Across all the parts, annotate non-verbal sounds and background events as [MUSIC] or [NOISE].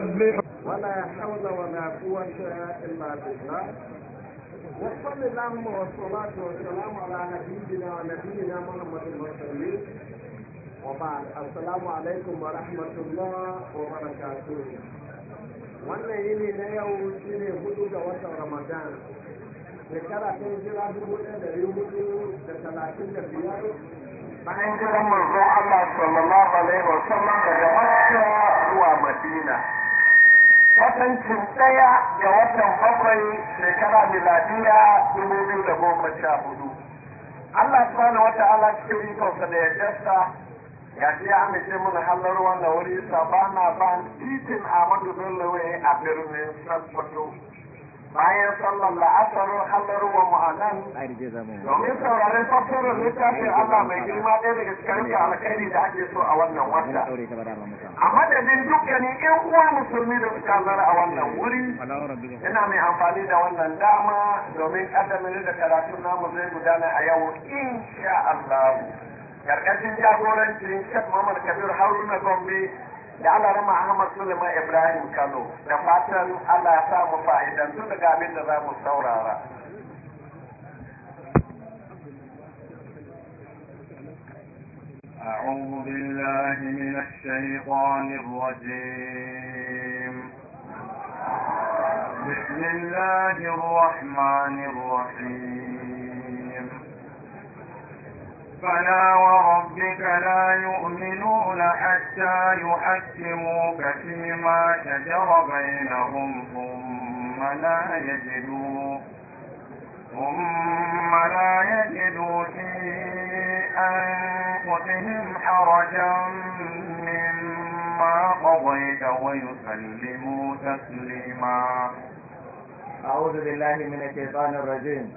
ولا حول ولا قوة إلا بالله وصل اللهم والصلاة والسلام على نبينا ونبينا محمد المرسلين وبعد السلام عليكم ورحمة الله وبركاته وانا يلي نيو سيني هدود وقت رمضان ذكرة تنزل عبدالله لليوم الثلاثين كبير بعد رمضان الله صلى الله عليه وسلم ومكة ومدينة kwatancin ɗaya ga watan bakwai shekara miladiya dubu biyu da goma sha hudu. Allah subhanahu wata ala cikin rikonsa da yardarsa ya ce ya amince mana halar wannan wuri sabana ban titin Ahmadu Bello a birnin Sokoto. bayan sallar la'asarin hannun wa mu'anan domin sauraron tafsirin littafin Allah mai girma ɗaya daga cikin alkhairi da ake so a wannan wata. A madadin dukkanin ƴan musulmi da suka zara a wannan wuri, yana mai amfani da wannan dama domin ƙaddamin da karatun namu zai gudana a yau insha Allah. Karkashin jagorancin Sheikh Muhammad Kabir Haruna Gombe da Allah rama Ahmad Sulaiman Ibrahim Kano da fatan Allah ya samu fa'idantu daga abin da za mu saurara. أعوذ بالله من الشيطان الرجيم بسم الله الرحمن الرحيم فلا وربك لا يؤمنون حتى يحكموك فيما شجر بينهم ثم لا يجدوا ثم لا يجدوا في أنفسهم حرجا مما قضيت ويسلموا تسليما أعوذ بالله من الشيطان الرجيم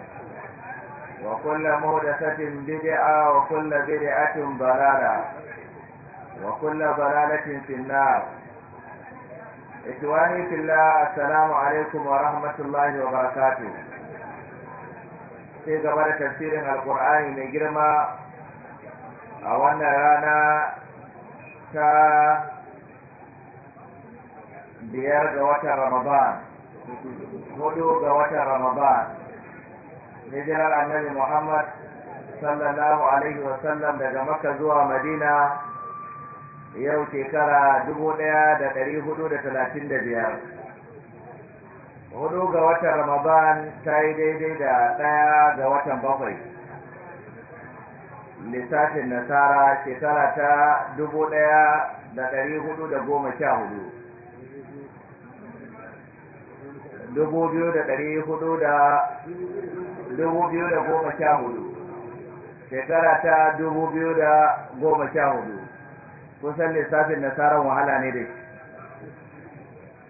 وكل مهدسة بدعة وكل بدعة ضلالة وكل ضلالة في النار إخواني في الله السلام عليكم ورحمة الله وبركاته sai gaba da tafsirin alkur'ani mai girma a wannan rana ta biyar ga watan hudu ga watan ramadan hijirar annabi Muhammad sallallahu alaihi wasallam daga Makka zuwa Madina yau shekara dubu ɗaya da hudu da talatin da biyar. ga watan Ramadan ta yi daidai da ɗaya ga watan bakwai. Lissafin Nasara shekara ta dubu ɗaya da hudu da goma sha hudu. Dubu biyu da ɗari hudu da dubu biyu da goma sha hudu shekara ta dubu biyu da goma sha hudu kusan lissafin nasarar wahala ne dai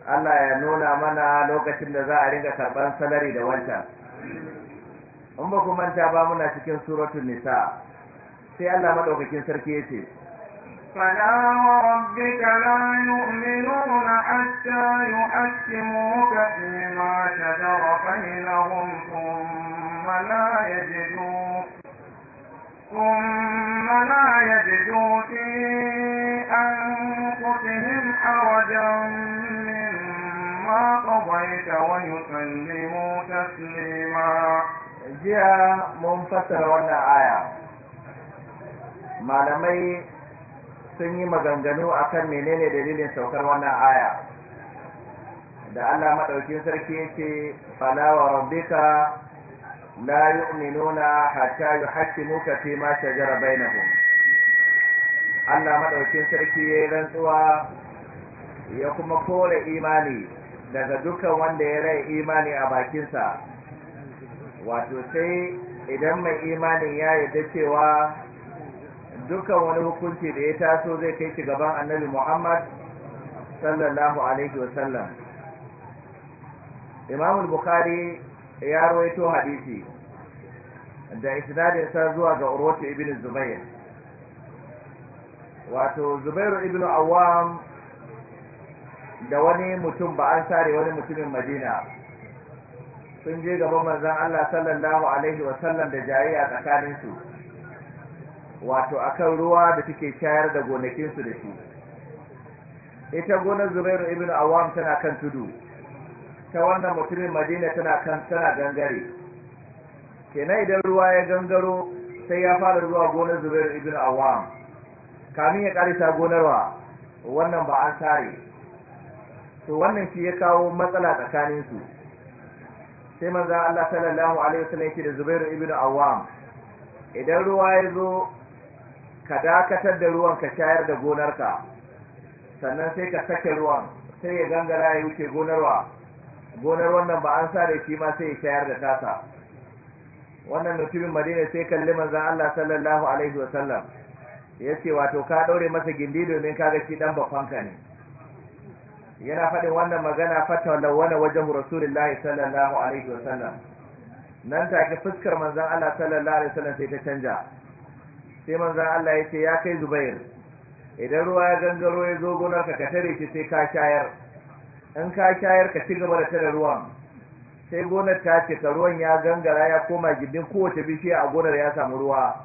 Allah ya nuna mana lokacin da za a ringa karɓar salari da wanta. in ba ku manta ba muna cikin suratun nisa sai Allah maɗaukakin sarki ya ce فلا وربك لا يؤمنون حتى يحكموك فيما شجر بينهم لا يجدوا ثم لا يجدوا في أنفسهم حرجا مما قضيت ويسلموا تسليما جاء منفسر وانا آية ما malamai sun yi maganganu a kan menene dalilin saukar wannan aya da Allah maɗaukin sarki ya ce fala wa rabbika لا يؤمنون حتى يحكموك فيما شجر بينهم Allah madaukin sarki ya rantsuwa ya kuma kore imani daga dukan wanda ya rai imani a bakinsa wato sai idan mai imanin ya yarda cewa dukan wani hukunci da ya taso zai kai shi gaban annabi Muhammad sallallahu alaihi wasallam Imamul Bukhari ya rawaito hadisi da isnadin sa zuwa ga urwatu ibn zubair wato zubairu ibn awam da wani mutum ba an sare wani mutumin madina sun je gaban manzon Allah sallallahu alaihi wa sallam da jayayya tsakanin su wato akan ruwa da take shayar da gonakin su da shi ita gonar zubairu ibn Awwam tana kan tudu ta wannan mutumin madina tana kan tana gangare kenan idan ruwa ya gangaro sai ya fara zuwa gonar zubair ibn awam kamin ya karisa gonarwa wannan ba an tare. to wannan shi ya kawo matsala tsakanin su sai manzo Allah sallallahu alaihi wasallam yake da zubair ibn awam idan ruwa ya zo ka dakatar da ruwan ka shayar da gonarka sannan sai ka sake ruwan sai ya gangara ya wuce gonarwa gonar wannan ba an sare shi ma sai ya shayar da tasa wannan mutumin madina sai kalli manzan Allah sallallahu alaihi wa sallam ya ce wato ka daure masa gindi domin kaga shi dan bafanka ne yana faɗin wannan magana fata lawana wajen rasulullahi sallallahu alaihi wa sallam nan take fuskar manzan Allah sallallahu alaihi wa sallam sai ta canja sai manzan Allah ya ce ya kai Zubair idan ruwa ya gangaro ya zo gonar ka tare shi sai ka shayar in ka shayar ka ci gaba da tare ruwan sai gonar ta ce ka ruwan ya gangara ya koma gindin kowace bishiya a gonar ya samu ruwa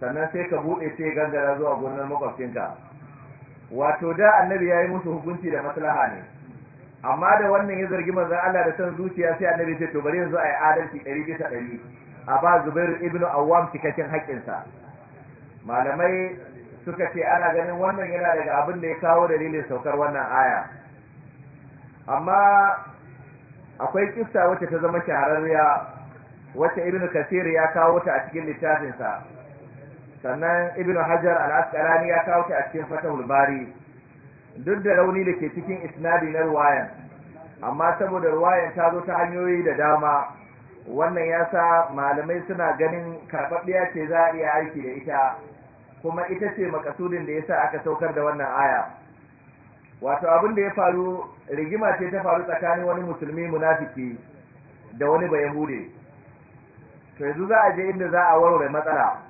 sannan sai ka buɗe sai gangara zuwa gonar makwabcinka wato da annabi ya yi musu hukunci da maslaha ne amma da wannan ya zargi manzon Allah da son zuciya sai annabi ce to bari yanzu a yi adalci ɗari bisa ɗari a ba Zubair ibnu Awwam cikakken haƙƙinsa malamai suka ce ana ganin wannan yana daga abin da ya kawo dalilin saukar wannan aya amma akwai kissa wacce ta zama shahararriya wacce Ibn kasir ya kawo ta a cikin littafinsa sannan Ibn hajar al-asqalani ya kawo ta a cikin fatahul bari duk da rauni da ke cikin isnadi na ruwayan amma saboda ruwayan ta zo ta hanyoyi da dama wannan ya sa malamai suna ganin karɓaɓɓiya ce za a iya aiki da ita kuma ita ce makasudin da ya sa aka saukar da wannan aya wato abin da ya faru rigima ce ta faru tsakanin wani musulmi munafiki da wani hude. to yanzu za a je inda za a warware matsala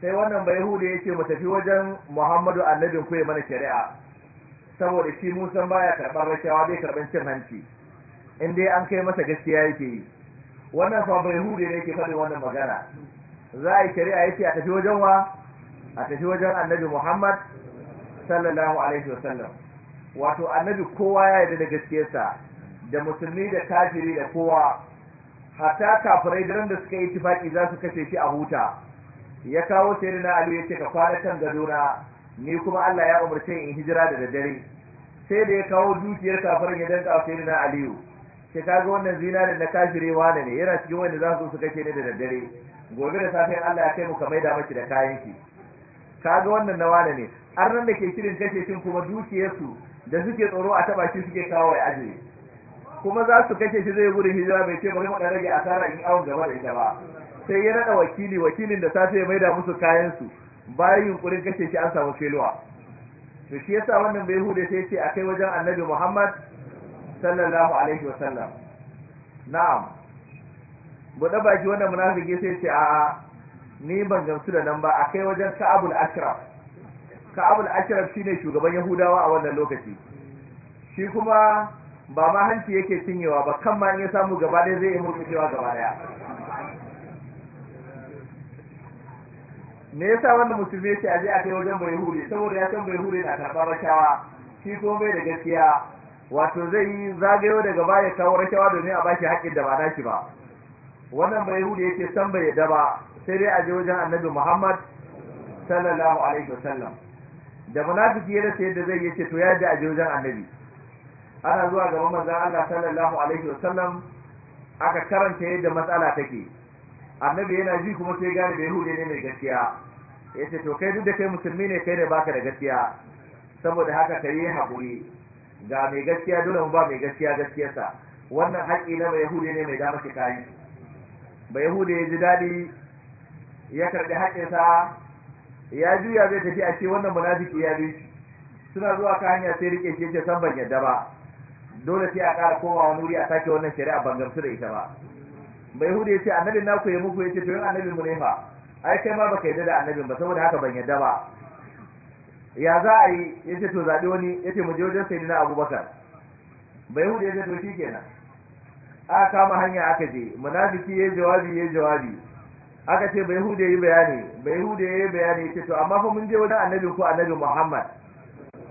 sai wannan bayahude ya ce mu tafi wajen muhammadu annabin ku ya mana shari'a saboda shi musan baya karɓar rashawa bai karɓar cin hanci in dai an kai masa gaskiya yake yi wannan fa hude ne yake faɗin wannan magana za a yi shari'a yake a tafi wajen wa a tafi wajen annabi muhammad sallallahu alaihi wasallam wato annabi kowa ya yarda da gaskiyarsa da musulmi da kafiri da kowa hatta kafirai da da suka yi tifaki za su kashe shi a huta ya kawo sayyidina ali ya ce ka fara kan gadona ni kuma Allah ya umarce in hijira da daddare sai da ya kawo dukiyar kafirin ya danka sayyidina aliyu sai kaga wannan zinarin na kafire wane ne yana cikin wanda za su su kashe ni da daddare gobe da safe Allah ya kai mu ka maida maki da kayan Ka kaga wannan na wane ne arnan da ke shirin kashe shi kuma dukiyarsu da suke tsoro a taba shi suke kawo ya ajiye kuma za su kashe shi zai gudun hijira bai ce bari mu rage asara in awon gaba da ita ba sai ya naɗa wakili wakilin da safe ya maida musu kayan su bayan yunkurin kashe shi an samu feluwa to shi yasa wannan bai hude sai ce kai wajen annabi Muhammad sallallahu alaihi wa sallam na'am buɗe baki wannan munafiki sai ce a'a ni ban gamsu da nan ba a kai wajen Ka'abul Ashraf ashirar ashraf shine shugaban yahudawa a wannan lokaci shi kuma ba ma hanci yake cinyewa ba kan ma in ya samu gaba ɗaya zai yi murkushewa gaba ɗaya me yasa wanda musulmi ya ce a kai wajen bai hure saboda ya san bai hure na karɓar rashawa shi kuma bai da gaskiya wato zai yi zagayo daga baya kawo rashawa domin a bashi haƙƙin da ba na shi ba wannan bai hure yake san bai da ba sai dai aje wajen annabi muhammad sallallahu alaihi wasallam da munafiki ya rasa yadda zai yace to ya ji a wajen annabi ana zuwa gaban manzon Allah sallallahu alaihi aka karanta yadda matsala take annabi yana ji kuma sai gane da yahudi ne mai gaskiya yace to kai duk da kai musulmi ne kai ne baka da gaskiya saboda haka kai yi haƙuri, ga mai gaskiya dole mu ba mai gaskiya gaskiyarsa wannan haƙƙi na mai yahudi ne mai da maka kayi bai yahudi ya ji daɗi ya karɓi haƙƙinsa ya juya zai tafi a ce wannan munafiki ya bi suna zuwa ka hanya sai rike shi yace san ban yadda ba dole sai a ƙara koma wa nuri a sake wannan shari'a ban gamsu da ita ba bai ya yace annabin naku ya muku yace to yin annabin mu ne fa ai kai ma baka yadda da annabin ba saboda haka ban yadda ba ya za a yi yace to zaɓi wani yace mu je wajen na abubakar bai ya yace to shi kenan. aka kama hanya aka je munafiki ya jawabi ya jawabi aka ce bai hude yi bayani bai hude yi bayani ce to amma fa mun je wajen annabi ko annabi Muhammad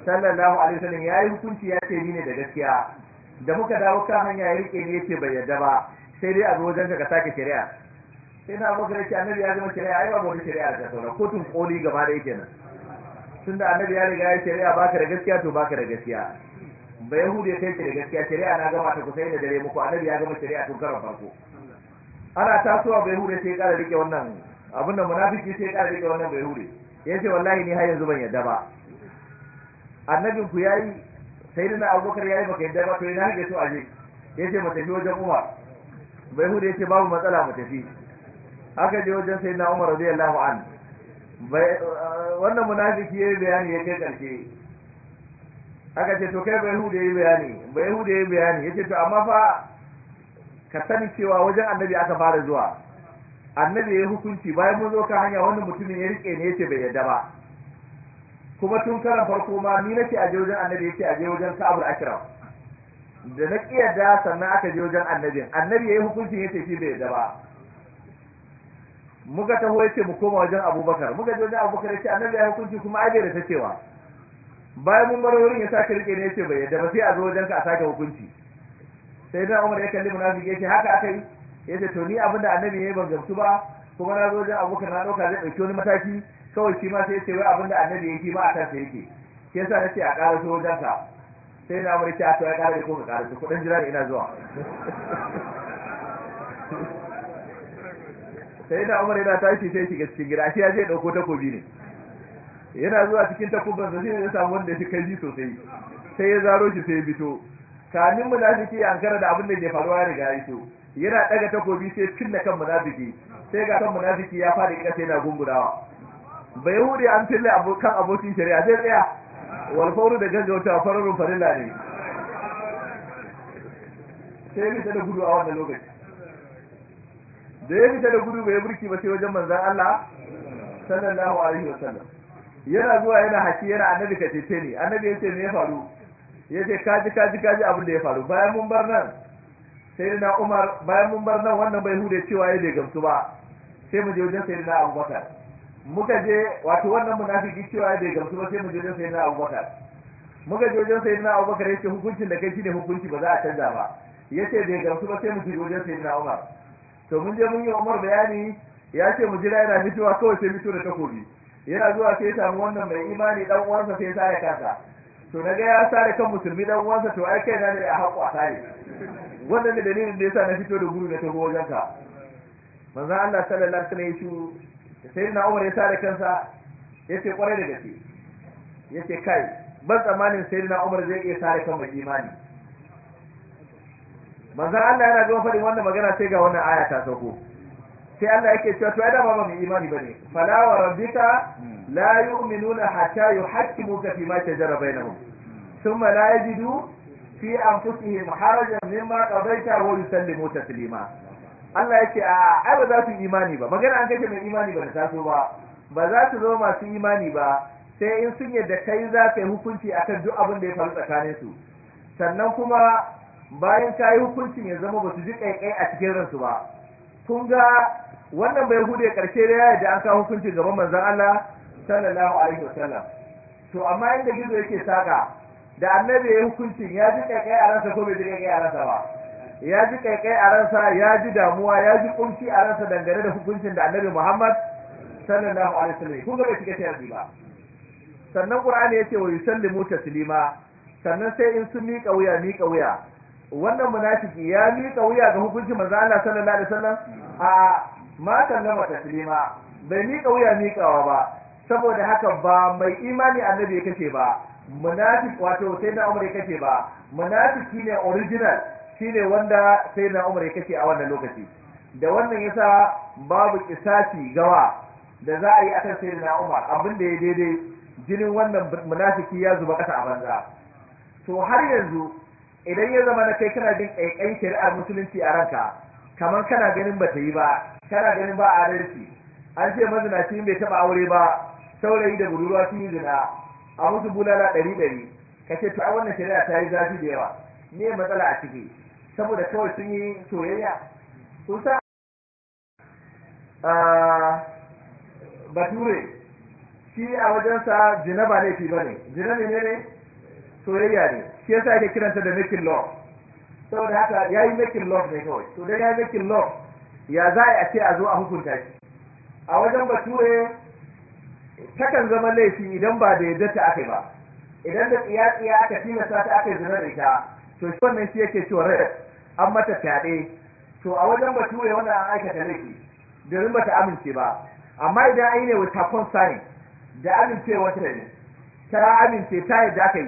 sallallahu alaihi wasallam yayi hukunci ya ce ni ne da gaskiya da muka dawo kan hanya ya rike ne yace bai yarda ba sai dai a zo wajen ka sake shari'a sai na da gare annabi ya zama shari'a ai ba mu shari'a da sauran kotun koli gaba da yake nan tunda annabi ya riga ya shari'a baka da gaskiya to baka da gaskiya bai hude sai ce da gaskiya shari'a na gama ta kusa da dare muku annabi ya gama shari'a tun karon farko ana tasowa bai hure sai kara rike wannan abin da munafiki sai kara rike wannan bai hure ya ce wallahi ni har yanzu ban yadda ba annabin ku yayi dana abubakar yayi baka yadda ba to ina hake so aje ya ce mu tafi wajen umar bai hure ya ce babu matsala mu tafi aka je wajen sayyidina umar radiyallahu an wannan munafiki yayi bayani ya kai karshe aka ce to kai bai ya yayi bayani bai ya yayi bayani ya ce to amma fa ka sani cewa wajen annabi aka fara zuwa annabi ya hukunci bayan mun zo kan hanya wannan mutumin ya rike ne yace bai yadda ba kuma tun karan farko ma ni nake a je wajen annabi yace a je wajen Ka'abul Akram da na kiyarda sannan aka je wajen annabin annabi ya yi hukunci yace shi bai yadda ba muka taho yace mu koma wajen Abubakar muka je wajen Abubakar yace annabi ya yi hukunci kuma ai bai da ta cewa bayan mun bar wurin ya sake rike ne yace bai yadda ba sai a zo wajen ka a sake hukunci sai da umar ya kalli munafiki yace haka aka yi yace to ni abin da annabi yayi ban gamsu ba kuma na zo da abokan na dauka zai dauki wani mataki kawai shi ma sai yace wai abin da annabi yake shi ma a kansa yake ke yasa nace a ƙara so wajen ka sai na umar ya to ya ƙara da ko ka ƙara ko dan jira da ina zuwa sai da umar yana tashi sai shiga cikin gida shi ya je dauko takobi ne yana zuwa cikin takobin sa sai ya samu wanda ya fi kai sosai sai ya zaro shi sai ya fito kamin munafiki ya ankara da abin da ke faruwa ya riga ya yana daga takobi sai filla kan munafiki sai ga kan munafiki ya fadi ƙasa yana gungurawa bai hude an filla abokan abokin shari'a sai tsaya wal fawru da wata fararun farilla ne sai ni da gudu a wannan lokaci da ya fita da gudu bai burki ba sai wajen manzon Allah sallallahu alaihi wasallam yana zuwa yana haki yana annabi ka cece ni annabi ya ce me ya faru ya ce kaji kaji kaji abin da ya faru bayan mun bar nan sai na umar bayan mun bar nan wannan bai hude cewa ya bai gamsu ba sai mu je wajen sai na abubakar muka je wato wannan munafiki cewa ya bai gamsu ba sai mu je wajen sai na abubakar muka je wajen sai na abubakar ya ce hukuncin da kai shine hukunci ba za a canza ba ya ce bai gamsu ba sai mu je wajen sai na umar to mun je mun yi umar bayani ya ce mu jira yana mutuwa kawai sai mutuwa da takobi yana zuwa sai ya samu wannan mai imani dan uwansa sai ya sa ya kasa to na ga ya sare kan musulmi dan uwansa to ai kai na ne a hakku a sare wannan ne dalilin da yasa na fito da guru na ta wajen ka manzo Allah sallallahu alaihi wasallam ya shiru sai na Umar ya sare kansa yace kware da gaske yace kai ban tsamanin sai na Umar zai iya sare kan mai imani manzo Allah yana ga faɗin wannan magana sai ga wannan aya ta sauko sai Allah yake cewa to ai da ba mai imani bane fala wa rabbika la yu'minuna hatta yuhaqqimuka fima tajara bainahum thumma la yajidu fi anfusihim harajan mimma qadaita wa yusallimu taslima Allah yake a ai ba za yi imani ba magana an kace mai imani ba ta so ba ba za su zo masu imani ba sai in sun yadda kai za ka yi hukunci akan duk abin da ya faru tsakaninsu. sannan kuma bayan ka yi hukuncin ya zama ba su ji kaikai a cikin ransu ba kun ga wannan bai hude karshe daya ya yadda an ka hukunci gaban manzan Allah sallallahu alaihi wasallam to amma inda gizo yake saka da annabi ya hukuncin ya ji kai a ransa ko bai ji kaikai a ransa ba ya ji kai a ransa ya ji damuwa ya ji kunci a ransa dangane da hukuncin da annabi Muhammad sallallahu alaihi wasallam kun ga bai shiga tayazi ba sannan qur'ani yace wa yusallimu taslima sannan sai in sun miƙa wuya miƙa wuya wannan munafiki ya miƙa wuya ga hukuncin manzo Allah sallallahu alaihi wasallam a ma sallama taslima bai miƙa wuya miƙawa ba saboda haka ba mai imani annabi ya kace ba munafik wato sai na umar ya kace ba munafiki ne original shine wanda sai na umar ya kace a wannan lokaci da wannan yasa babu kisasi gawa da za a yi akan sai na umar abin da ya daidai jinin wannan munafiki ya zuba kasa a banza to har yanzu idan ya zama na kai kana jin ƙaiƙayin shari'ar musulunci a ranka kamar kana ganin ba ta yi ba kana ganin ba a adalci an ce mazinaci bai taɓa aure ba saurayi da budurwa sun yi zina a musu bulala ɗari ɗari ka ce to a wannan shari'a ta yi zafi da yawa me matsala a ciki saboda kawai sun yi soyayya kun sa bature shi a wajensa jina ba laifi ba ne jina ne ne soyayya ne shi yasa ake kiranta da making love saboda haka ya yi making love ne kawai to dai ya yi making love ya za a ce a zo a hukunta shi a wajen bature takan zama laifi idan ba da yadda ta aka ba idan da tsiyatsiya tsiya aka tilasta ta aka zina da ita to shi wannan shi yake cewa rai an mata fyaɗe to a wajen bature wannan an aikata laifi domin bata amince ba amma idan an yi ne wata konsani da amincewa wata ne ta amince ta da aka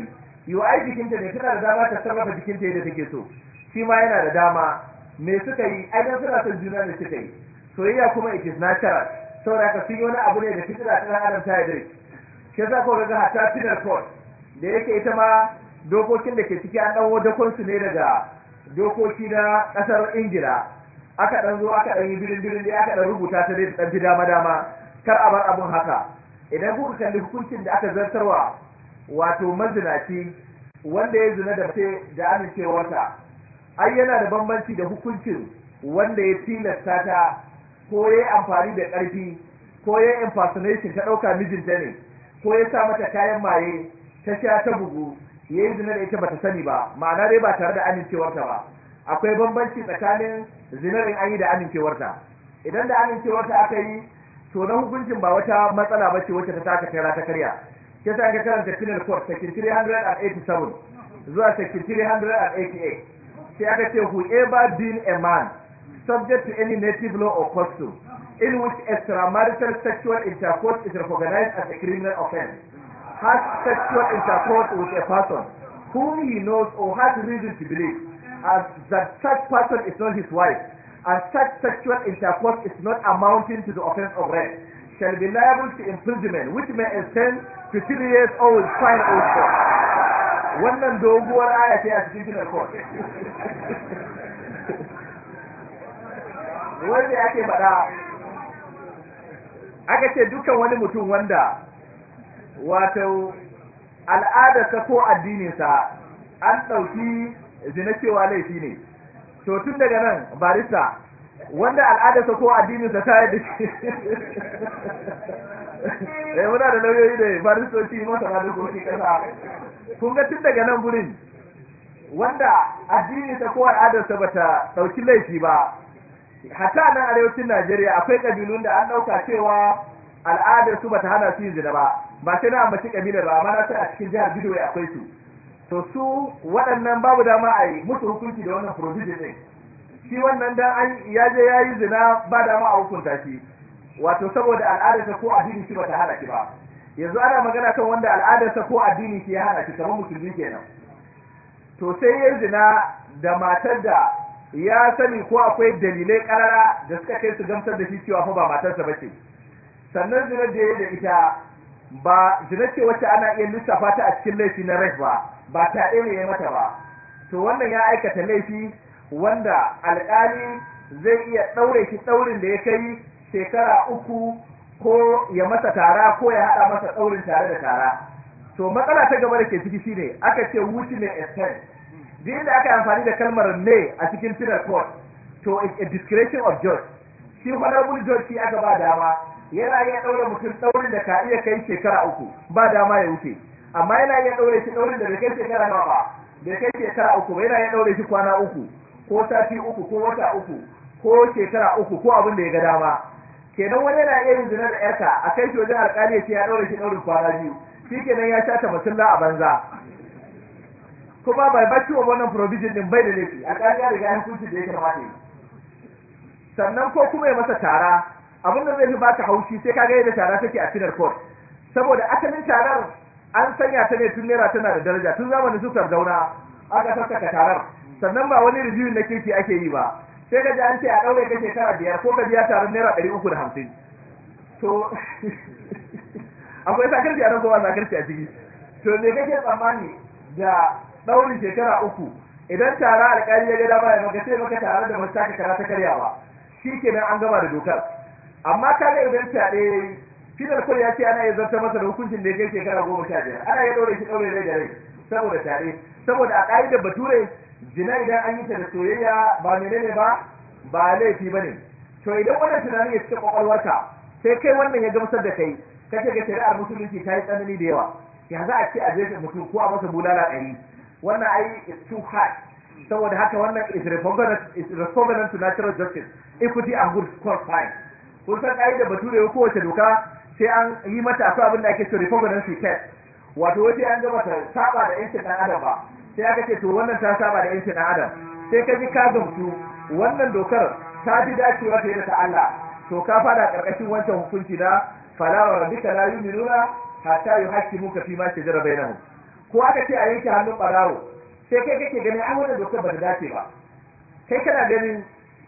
yi wa ai jikinta ne tana da dama ta sarrafa jikinta yadda take so shi ma yana da dama me suka yi ai dan suna son juna ne suka yi soyayya kuma it is natural saboda haka sun yi wani abu ne da tsira tsira adam ta dai shi yasa ko ga hatta final court da yake ita ma dokokin da ke ciki an dawo wajen su ne daga dokoki na ƙasar ingila aka dan zo aka ɗan yi birin birin da aka dan rubuta ta dai ɗan fi dama dama kar a bar abun haka idan kuka kalli hukuncin da aka zartarwa wato mazinaci wanda ya zina da mace da amincewarta ai yana da bambanci da hukuncin wanda ya tilasta ta ko ya yi amfani da ƙarfi ko ya yi impersonation ta ɗauka mijinta ne ko ya sa mata kayan maye ta sha ta bugu ya yi zina da ita bata sani ba ma'ana dai ba tare da amincewarta ba akwai bambanci tsakanin zinarin an yi da amincewarta idan da amincewarta aka yi to na hukuncin ba wata matsala ba ce wacce ta taka kaira ta karya ke sa ka karanta penal court section 387 zuwa section 388 sai aka ce whoever been a man subject to any native law or custom in which extramarital sexual intercourse is recognized as a criminal offense, has sexual intercourse with a person whom he knows or has reason to believe as that such person is not his wife, and such sexual intercourse is not amounting to the offense of rape, shall be liable to imprisonment, which may extend to three years or with fine or Wannan doguwar aya a cikin court. [LAUGHS] wai da ke faɗa aka ce dukkan wani mutum wanda wato al'adarsa ko addininsa an ɗauki zina cewa laifi ne to tun daga nan barista wanda al'adarsa ko addininsa ta yi shi [LAUGHS] eh muna da lauyoyi da baristoci masana dokokin ƙasa kun ga tun daga nan gurin wanda addininsa ko al'adarsa ba ta ɗauki laifi ba hatta nan arewacin Najeriya akwai kabilun da an dauka cewa al'adar su bata hana su yin zina ba ba sai na ambaci kabilar ba amma na sai a cikin jihar Bidowe akwai su to su waɗannan babu dama a yi musu hukunci da wannan provision din shi wannan dan an ya je ya yi zina ba dama a hukunta shi wato saboda al'adarsa ko addini shi bata hana shi ba yanzu ana magana kan wanda al'adarsa ko addini shi ya hana shi kamar musulmi kenan to sai ya zina da matar da ya sani ko akwai dalilai karara da suka kai su gamsar da shi cewa fa ba matarsa bace sannan zina da ya da ita ba zina ce wacce ana iya lissafa ta a cikin laifi na rai ba ba ta ne ya mata ba to wannan ya aikata laifi wanda alƙali zai iya ɗaure shi ɗaurin da ya kai shekara uku ko ya masa tara ko ya haɗa masa ɗaurin tare da tara to matsala ta gaba da ke ciki shine aka ce wuce ne extent duk inda aka amfani da kalmar ne a cikin penal court to it's a discretion of judge shi honorable judge shi aka ba dama yana iya ɗaure mutum ɗaurin da ka iya kai shekara uku ba dama ya wuce amma yana iya ɗaure shi ɗaurin da bai kai shekara nawa ba bai kai shekara uku ba yana iya ɗaure shi kwana uku ko sati uku ko wata uku ko shekara uku ko abin da ya ga dama kenan wani yana iya yin zina da yarka a kai shi wajen alƙali ya ce ya ɗaure shi ɗaurin kwana biyu shi kenan ya sha ta a banza kuma bai baki wa wannan provision din bai da laifi a ƙarya daga ya hukunci da ya kamata yi sannan ko kuma ya masa tara abin da zai fi baka haushi sai ka kaga da tara take a cinar court saboda asalin tarar an sanya ta ne tun naira tana da daraja tun zamanin su zauna, aka sassaka tarar sannan ba wani review na kirki ake yi ba sai ka an ce a ɗaure ka shekara biyar ko ka biya taron naira ɗari uku da hamsin to [LAUGHS] akwai sakarci a nan kowa sakarci a ciki to me kake tsammani da ɗaurin shekara uku idan tara alƙali ya ga dama ya maka sai maka tare da masu ka kara ta karyawa shi ke nan an gama da dokar amma ga idan fyaɗe fidar kwai ya ce ana iya zarta masa da hukuncin da ya kai shekara goma sha biyar ana iya ɗaure shi ɗaure rai da rai saboda tare. saboda a ƙa'ida bature jina idan an yi ta da soyayya ba menene ba ba laifi ba ne to idan wannan tunanin ya cika kwakwalwarka sai kai wannan ya gamsar da kai kashe ga shari'ar musulunci ta yi tsanani da yawa ya za a ce a jefe mutum ko a masa bulala ɗari wannan ai is too high saboda haka wannan is repugnant to natural justice equity and good score fine kun san kai da bature ko kowace doka sai an yi mata akwai abin da ake so repugnancy test wato wace an gaba ta saba da yancin dan adam ba sai aka ce to wannan ta saba da yancin dan adam sai ka ji ka gamsu wannan dokar ta fi dacewa ta yadda ta Allah to ka fada karkashin wancan hukunci na fala wa rabbika la yu'minuna hatta yuhaqqimuka fi ma shajara bainahum ko aka ce a yanke hannun ɓarawo. sai kai kake ganin an wannan dokar ba ta dace ba kai kana ganin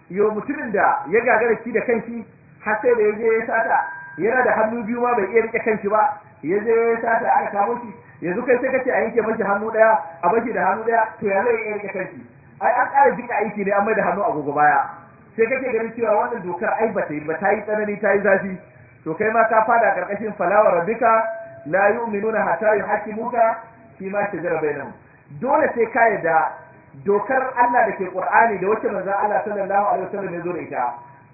yau mutumin da ya gagara shi da kanki har sai da ya je ya sata yana da hannu biyu ma bai iya rike kanki ba ya je ya sata aka kamo shi yanzu kai sai kace a yanke mashi hannu ɗaya, a bashi da hannu ɗaya? to ya zai iya rike kanki ai an ƙara jika aiki ne an mai da hannu a agogo baya sai kake ganin cewa wannan dokar ai ba ta yi ba ta yi tsanani ta yi zafi to kai ma ka fada karkashin falawa rabbika la yu'minuna hatta yuhaqqimuka shi ma shajara bainahum dole sai ka da dokar Allah da ke ƙur'ani da wacce manzon Allah sallallahu alaihi wasallam ya zo da ita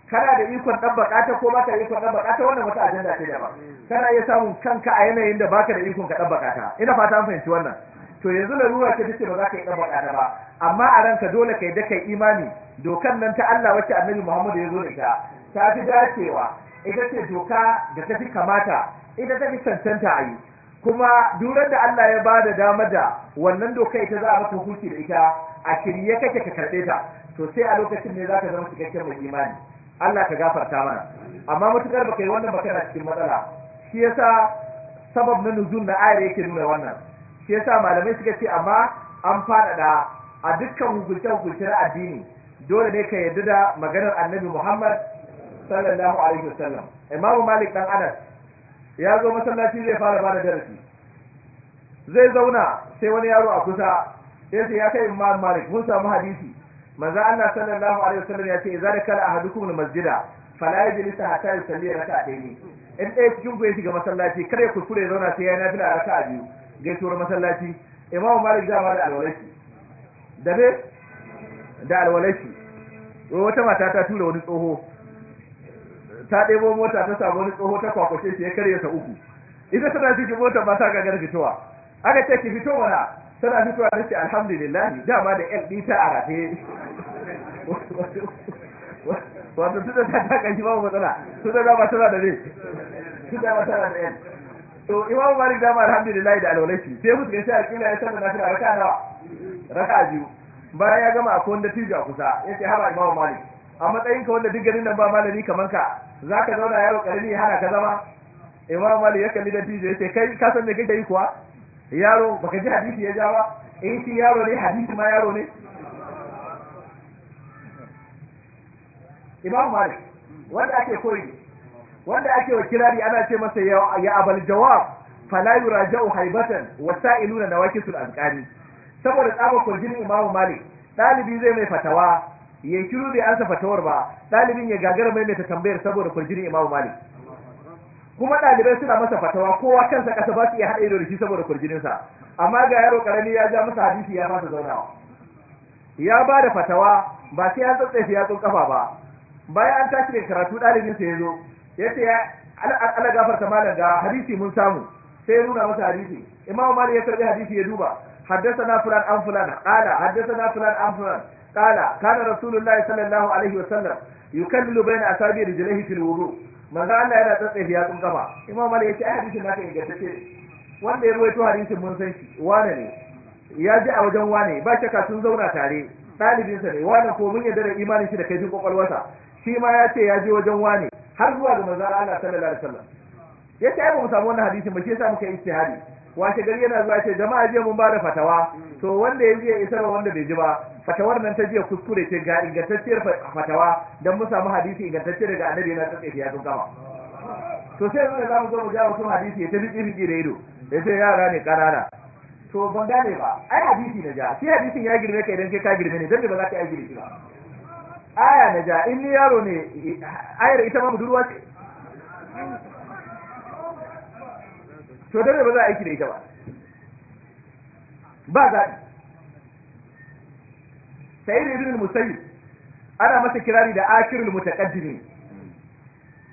kana da ikon dabbaka ta ko ka yi ikon dabbaka ta wannan wata ajanda ce daban kana iya samun kanka a yanayin da baka da ikon ka dabbaka ta ina fata an fahimci wannan to yanzu ruwa ta tace ba za ka yi ta ba amma a ranka dole kai da kai imani dokar nan ta Allah wacce Annabi Muhammad ya zo da ita ta fi dacewa ita ce doka da ta fi kamata ita ta fi cancanta a yi kuma durar da Allah ya ba da dama da wannan doka ita za a mata hukunci da ita a shirye kake ka karɓe ta to sai a lokacin ne za ka zama cikakken mai imani Allah ka gafarta mana amma mutukar baka yi wannan baka na cikin matsala shi yasa sabab na nuzul na ayar yake nuna wannan shi yasa malamai suka ce amma an faɗaɗa a dukkan hukunce hukunce na addini dole ne ka yarda da maganar annabi Muhammad sallallahu alaihi wasallam Imam Malik dan Anas ya zo masallaci zai fara bada darasi zai zauna sai wani yaro a kusa sai sai ya kai imam malik mun samu hadisi manzo Allah sallallahu alaihi wasallam ya ce idan kala ahadukum masjida?" fala yajlis hatta yusalli rak'atayn in ɗaya cikin ku ya shiga masallaci kada ku kure zauna sai ya nafila rak'a biyu gaisuwar masallaci imam malik da ma da alwalashi da da wata mata ta tura wani tsoho ta ɗebo mota ta samu wani tsoho ta kwakwace shi ya karye sa uku ita tana cikin mota ba ta gagar fitowa aka ce ki fito mana tana fitowa da ce alhamdulillah dama da yan ɗita a rafe wato tunda ta taka shi babu matsala tunda dama tana da ne da dama tana da ƴan to imamu malik dama alhamdulillah da alwalashi sai musu shi a ya sanar na fira raka nawa raka biyu bayan ya gama akwai wanda tijo a kusa ya ce haba imamu malik a matsayin ka wanda duk ganin nan ba malami kamar ka za ka zauna yaro karami hana ka zama imam malik ya kalli da tijo ya ce kai ka san me kake yi kuwa yaro baka ji hadisi ya ja ba in eh, shi yaro ne hadisi ma yaro ne imam malik wanda ake koyi wanda ake wa kirari ana ce masa ya abal jawab fala yuraja'u haibatan wa sa'iluna nawakisul alqani saboda tsabar kurjin imam malik dalibi zai mai fatawa ya shiru bai ansa fatawar ba ɗalibin ya gagara maimaita tambayar saboda kurjini imamu malik kuma ɗalibai suna masa fatawa kowa kansa ƙasa ba su iya haɗa ido da shi saboda sa amma ga yaro ƙarami ya ja masa hadisi ya fasa zaunawa ya ba da fatawa ba sai ya tsatsefe ya tsun kafa ba bayan an tashi da karatu sa ya zo ya ce ala gafarta malam ga hadisi mun samu sai ya nuna masa hadisi imamu malik ya karɓi hadisi ya duba haddasa na fulan an fulan qala haddasa fulan an fulan قال كان رسول الله صلى الله a وسلم يكلل بين أصابع رجليه في الوضوء manzo Allah yana tsatsa ya tsun kafa imam malik yace hadisin naka ingantacce wanda ya ruwaito hadisin mun san shi wane ne ya ji a wajen wane ba shakka sun zauna tare ɗalibinsa ne wane ko mun yarda da imanin shi da kaifin kwakwalwarsa shi ma ya ce ya je wajen wane har zuwa ga manzo Allah sallallahu alaihi wasallam yace ai ba mu samu wannan hadisin ba shi yasa muka yi washe gari yana zuwa ce jama'a jiya mun bada fatawa to wanda ya jiya isar wanda bai ji ba fatawar nan ta jiya kuskure ce ga ingantacciyar fatawa dan mu samu hadisi ingantacce daga annabi yana tsatsaye ya tun gama to sai yanzu za mu zo mu jawo mutum hadisi ya ta biki biki da ido ya ce yara ne kanana to ban gane ba ai hadisi na ja shi hadisin ya girme ka idan kai ka girme ne dan ba za ka yi aiki da shi ba aya na ja in ni yaro ne ayar ita ma budurwa ce to dole ba za a aiki da ita ba ba zaɓi sai da ibn musayyib ana masa kirari da akirul mutaqaddimin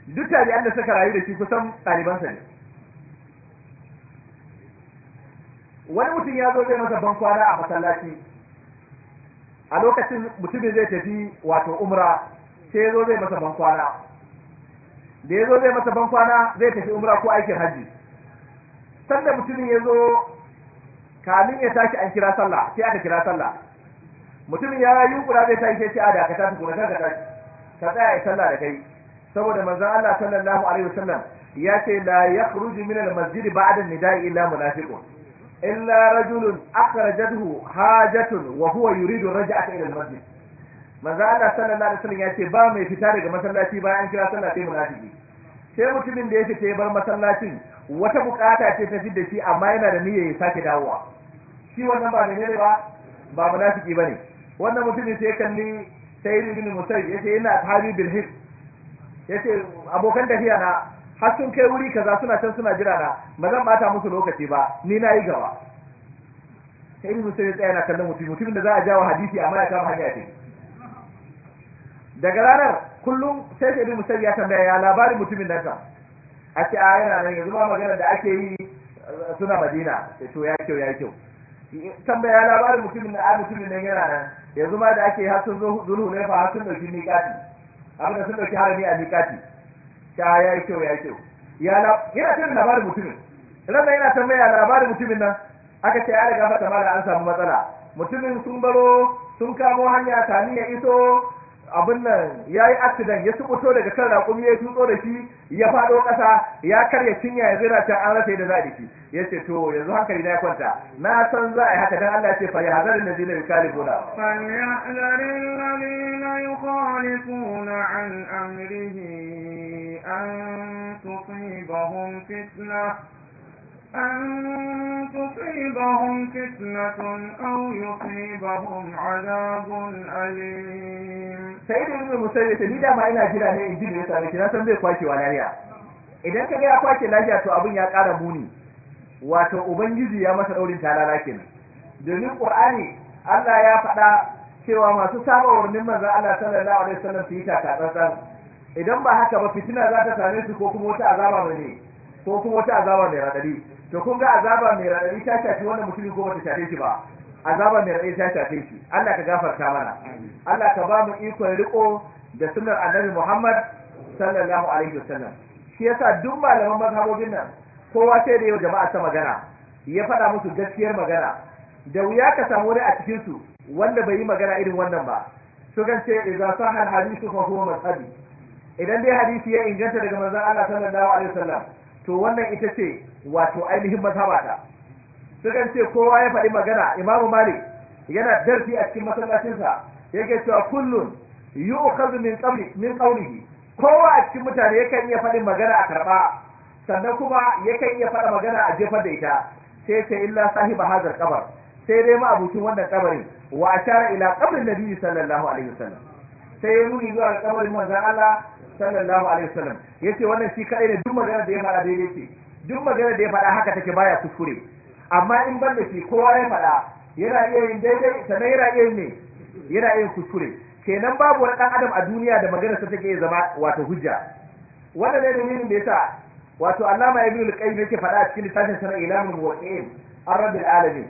duk an da saka rayu da shi kusan ɗalibansa ne wani mutum ya zo zai masa bankwana a masallaci a lokacin mutumin zai tafi wato umra sai ya zo zai masa bankwana da ya zo zai masa bankwana zai tafi umra ko aikin hajji sanda mutumin ya zo kamin ya tashi an kira sallah sai aka kira sallah mutumin ya yi kura zai tashi sai ce a dakata ta kuma ka tashi ka tsaya ya sallah da kai saboda manzon Allah sallallahu alaihi wasallam ya ce la yakhruju min al-masjid ba'da nida'i illa munafiqun illa rajulun akhrajathu hajatun wa huwa yuridu raj'ata ila al-masjid manzon Allah sallallahu alaihi wasallam ya ce ba mai fita daga masallaci bayan an kira sallah sai munafiki sai mutumin da ya ce bar masallacin wata bukata ce ta fidda shi amma yana da niyyar ya sake dawowa shi wannan ba ne ba ba munafiki bane wannan mutumin sai kalli sayyid ibn musayyib yace ina ashabi bil his yace abokan tafiya na har sun kai wuri kaza suna can suna jira na ba zan bata musu lokaci ba ni na yi gaba sai ibn musayyib tsaya na kallon mutum mutumin da za a jawo hadisi amma ya kama hanya daga ranar kullum sai ibn musayyib ya tambaya ya labarin mutumin nan a ce a ah, yana nan yanzu ba magana da ake yi suna madina ya to ya kyau ya kyau tambaya labarin mutumin na a ah, mutumin nan yana nan yanzu ma da ake har sun zo zulhu ne fa har sun dauki miƙati abin da sun dauki harami a miƙati ta ya kyau ya kyau yana tana labarin mutumin ranar yana tambaya labarin mutumin nan aka ce ya riga fata mala an samu matsala mutumin sun baro sun kamo hanya tani ya iso abin nan ya yi accident ya tubuto daga kan raƙumi ya tutso da shi ya faɗo ƙasa ya karya cinya ya zira can an rasa yadda za a shi ya ce to yanzu hankali na ya kwanta na san za a yi haka dan Allah ya ce fa yahzarin ladina yukhalifuna fa yahzarin ladina yukhalifuna an amrihi an أن تصيبهم فتنة أو يصيبهم عذاب أليم سيد ابن مسيب ni da ma ina jira ne in ji da ya same shi na san zai kwace wa lafiya idan ka ga ya kwace lafiya to abin ya ƙara muni wato ubangiji ya masa daurin talala kenan domin Allah ya faɗa cewa masu saba wurin manzon Allah sallallahu alaihi wasallam su yi takatsantsan idan ba haka ba fitina za ta same su ko kuma wata azaba ne ko kuma wata azaba mai radadi to kun ga azaba mai raɗaɗi ta shafi wannan mutumin ko bata shafe shi ba azaba mai raɗaɗi ta shafe shi Allah ka gafarta mana Allah ka ba mu ikon riko da sunnar annabi Muhammad sallallahu alaihi wasallam shi yasa duk malaman mazhabobin nan kowa sai da yau jama'a ta magana ya faɗa musu gaskiyar magana da wuya ka samu wani a cikin su wanda bai yi magana irin wannan ba su kan ce idan sahal hadisu fa huwa mazhabi idan dai hadisi ya inganta daga manzon Allah sallallahu alaihi wasallam to wannan ita ce wato ainihin mazhabata sukan ce kowa ya faɗi magana imamu malik yana darsi a cikin masallacinsa yake cewa kullun yu'khadhu min qawli min qawlihi kowa a cikin mutane yakan iya faɗin magana a karɓa sannan kuma yakan iya faɗa magana a jefar da ita sai sai illa sahiba hadar kabar sai dai ma abucin wannan kabarin wa ashara ila qabrin nabiyyi sallallahu alaihi wasallam sai ya nuni zuwa kabarin manzon Allah sallallahu alaihi wasallam yace wannan shi kadai ne duk magana da ya fara daidai ce duk magana da ya fara haka take baya kuskure amma in ban shi kowa ya fara yana iya yin daidai sannan yana iya yin ne yana iya kuskure kenan babu wani dan adam a duniya da maganar sa take zama wato hujja wannan ne dalilin da yasa wato Allama Ibn al-Qayyim yake faɗa a cikin littafin sa Ilamul Muwaqqi'in Ar-Rabbil Alamin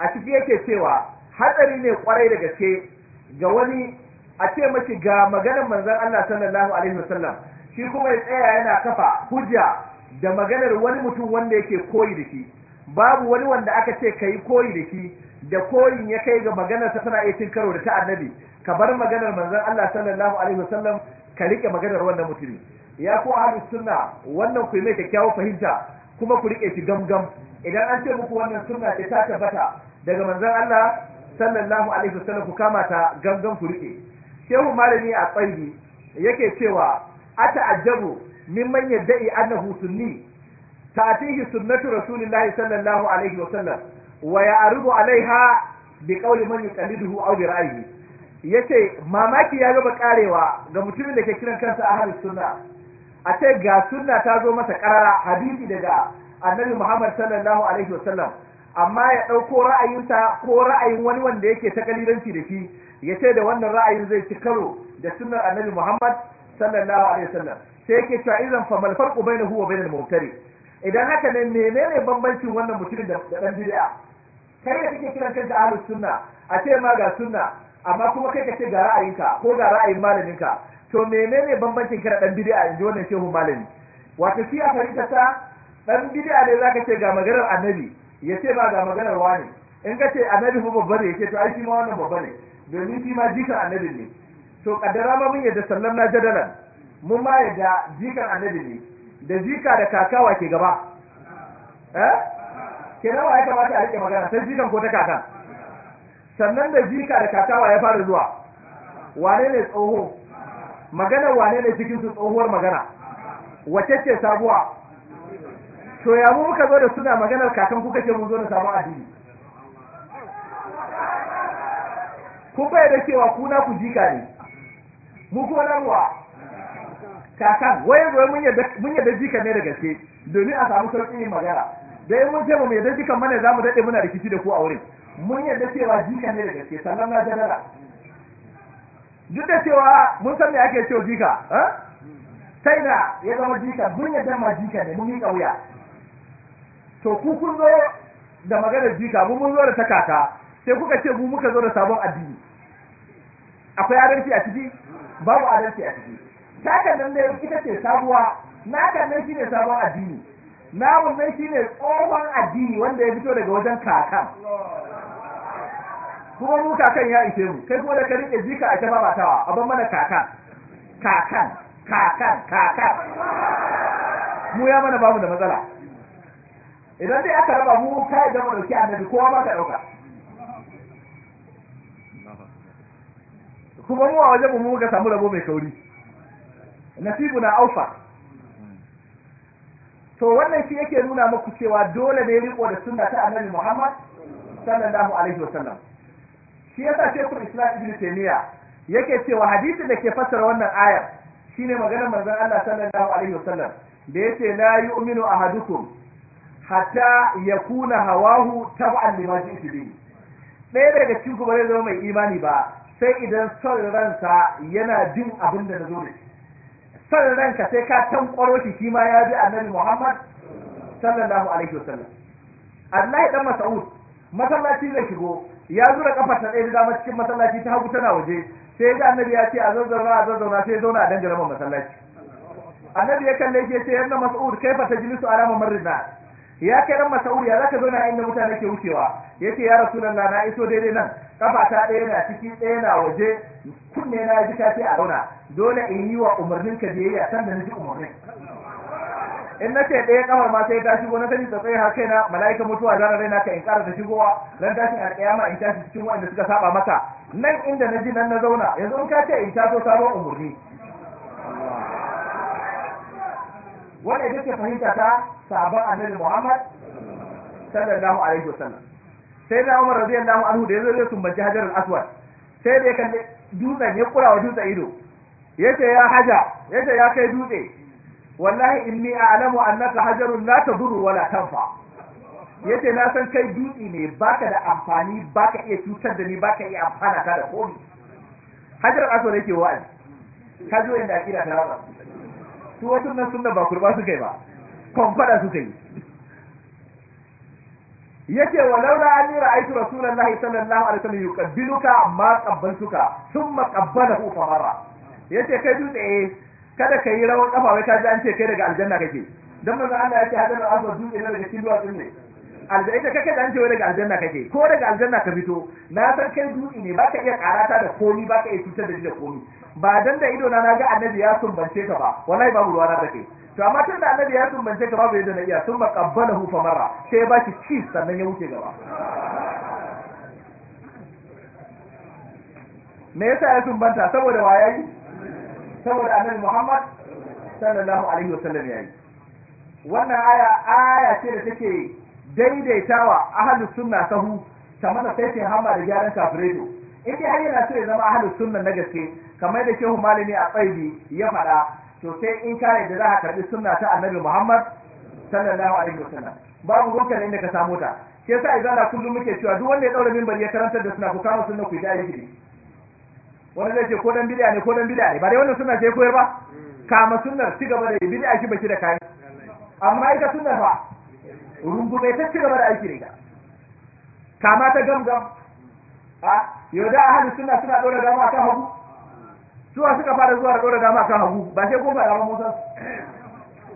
a cikin yake cewa hatsari ne kwarai da gaske ga wani a ce mace ga maganar Manzan Allah sallallahu alaihi wasallam shi kuma ya tsaya yana kafa hujja da maganar wani mutum wanda yake koyi da shi babu wani wanda aka ce ka yi koyi da shi da koyin ya kai ga maganar sa tana iya cin karo da ta annabi ka bar maganar Manzan Allah sallallahu alaihi wasallam ka rike maganar wannan mutumi ya ko ahlus sunna wannan ku mai kyakkyawar fahimta kuma ku riƙe shi gamgam idan an ce muku wannan sunna ce ta tabbata daga Manzan Allah sallallahu alaihi wasallam ku kama ta gangan ku rike shehu malami a tsayi yake cewa ata'ajjabu mimman yadda'i annahu sunni ta'tihi sunnatu rasulillahi sallallahu alaihi wa sallam wa ya'rudu alaiha bi qawli man yuqalliduhu aw bi ra'yihi yace mamaki ya gaba karewa ga mutumin da ke kiran kansa ahli sunna a ce ga sunna ta zo masa karara hadisi daga annabi Muhammad sallallahu alaihi wa sallam amma ya ɗauko ra'ayinta ko ra'ayin wani wanda yake ta kalilanci da shi ya ce da wannan ra'ayin zai ci karo da sunnar annabi Muhammad sallallahu alaihi wasallam sai yake cewa idan fa mal farqu bainahu wa bainal mubtari idan haka ne menene bambancin wannan mutumin da dan bid'a kai da kake kiran kanka ahlus sunna a ce ma ga sunna amma kuma kai kace ga ra'ayinka ko ga ra'ayin malaminka to menene bambancin kira dan bid'a inji wannan shehu malami wato shi a farita dan bid'a ne zaka ce ga maganar annabi ya ce ba ga maganar wani in ka ce annabi fa babba ne ya ce to ai shi ma wannan babba ne domin shi ma jikan annabi ne to kaddara ma mun yadda sallam na jadala mun ma yadda jikan annabi ne da jika da kakawa ke gaba eh ke nawa ya kamata a rike magana sai jikan ko ta kakan sannan da jika da kakawa ya fara zuwa wane ne tsoho magana wane ne cikin su tsohuwar magana wace ce sabuwa to ya mu muka zo da suna maganar kakan kuka ce mun zo da sabon addini kun bai da cewa ku na ku jika ne mu kuma na muwa kakan waye goyi mun yadda jika ne da gaske domin a samu sauƙin yin magana dai mun ce mu yadda jika mana za mu daɗe muna rikici da ku a wurin mun yadda cewa jika ne da gaske sannan na jadara duk da cewa mun san me ake cewa jika sai eh? da ya zama jika mun yadda ma jika ne mun yi ƙauya to ku kun zo da maganar jika mu mun zo da ta kaka sai kuka ce mu muka zo da sabon addini akwai adalci a ciki babu adalci a ciki takan nan da ita ce sabuwa na kan nan shine sabon addini namun nan shine tsohon addini wanda ya fito daga wajen kakan kuma mu kakan ya ishe mu kai kuma da ka rike jika a kafa babatawa a ban mana kakan kakan kakan kakan mu ya mana babu da matsala idan dai aka raba mu kai da mu dauki annabi kowa ba ka dauka kuma mu a wajen mu muka samu rabo mai kauri nasibu na aufa to wannan shi yake nuna muku cewa dole ne riko da sunna ta annabi Muhammad sallallahu alaihi wasallam shi yasa shekul islam ibnu taymiya yake cewa hadisi da ke fassara wannan ayar shine maganar manzon Allah sallallahu alaihi wasallam da yace la yu'minu ahadukum hatta yakuna hawahu tab'an lima ji'tu bihi ɗaya daga cikin ku ba zai zama mai imani ba sai idan son ransa yana jin abin da na zo da shi son ranka sai ka tankwaro shi shi ma ya bi annabi Muhammad sallallahu alaihi wasallam Allah dan Mas'ud masallaci da shigo ya zura kafa ta ɗaya da dama cikin masallaci ta hagu tana waje sai ga annabi ya ce a zazzauna a zazzauna sai zauna a dangare masallaci annabi ya kalle shi ya ce yanna Mas'ud kaifa tajlisu ala mamarrina ya kai dan masauriya zaka zo na inda mutane ke wucewa yace ya rasulullah na iso daidai nan kafa ta ɗaya na ciki ɗaya na waje kunne na ji kafi a rauna dole in yi wa umarnin ka biyayya san da nake umarnin in na ce ɗaya kamar ma sai ta shigo na sani tsatsai har kai na mala'ika mutuwa zan rai ka in kara da shigowa ran a kiyama in tashi cikin wanda suka saba maka nan inda na ji nan na zauna yanzu in ka ce in taso sabon umarni wanda ita ce fahimta ta sabon annabi Muhammad sallallahu alaihi wasallam sai da Umar radiyallahu anhu da yazo zai sumbaci Hajar al-Aswad sai da ya kalle dutsen ya kura wa dutsen ido yace ya haja yace ya kai dutse wallahi inni a'lamu annaka hajarun la tadur wa la tanfa yace na san kai dutse ne baka da amfani baka iya cutar da ni baka iya amfana ta da komai Hajar al-Aswad yake wa'azi ka zo inda akida ta su wasu nan suna ba kurba suka yi ba kwamfada suka yi Ya ce wa laura an yi ra'aytu rasulullahi sallallahu alaihi wasallam yuqabbiluka ma qabbaltuka thumma qabbalahu fa Ya ce kai dutse eh, kada ka yi rawar kafa wai ka ji an ce kai daga aljanna kake dan da ya yace hadar aswad dutse ina daga cikin duwatsun ne aljanna kake da an ce wai daga aljanna kake ko daga aljanna ka fito na san kai dutse ne baka iya karata da komi baka iya cutar da shi da komi ba dan da ido na naga annabi ya sumbance ka ba wallahi babu ruwa na da kai to amma tun da annabi ya sumbance ka babu yadda na iya sun maqabbalahu fa marra sai ya shi ci sannan ya wuce gaba me yasa ya sumbanta saboda wa yayi saboda annabi Muhammad sallallahu alaihi wasallam yayi wannan aya aya ce da take daidaitawa ahlus sunna sahu kamar da sai hamma da gyaran kafirai yake har yana so ya zama ahlus sunna na gaske kamar da shehu malami a tsaibi ya faɗa to sai in ka yadda za a karɓi sunna ta annabi muhammad sallallahu alaihi wasallam babu gonka ne inda ka samu ta shi yasa idan na kullum muke cewa duk wanda ya daura bari ya karantar da suna ku kama sunna ku da yake wani zai ce ko dan bid'a ne ko dan bid'a ne ba dai wannan sunna ce koyar ba kama sunnar ci gaba da bid'a shi baki da kai amma ita sunnar fa rungume ta ci gaba da aiki ne kama ta gamgam a yau da ahalin suna suna ɗora dama kan hagu suwa suka fara zuwa da ɗora dama kan hagu ba sai kun faɗa ba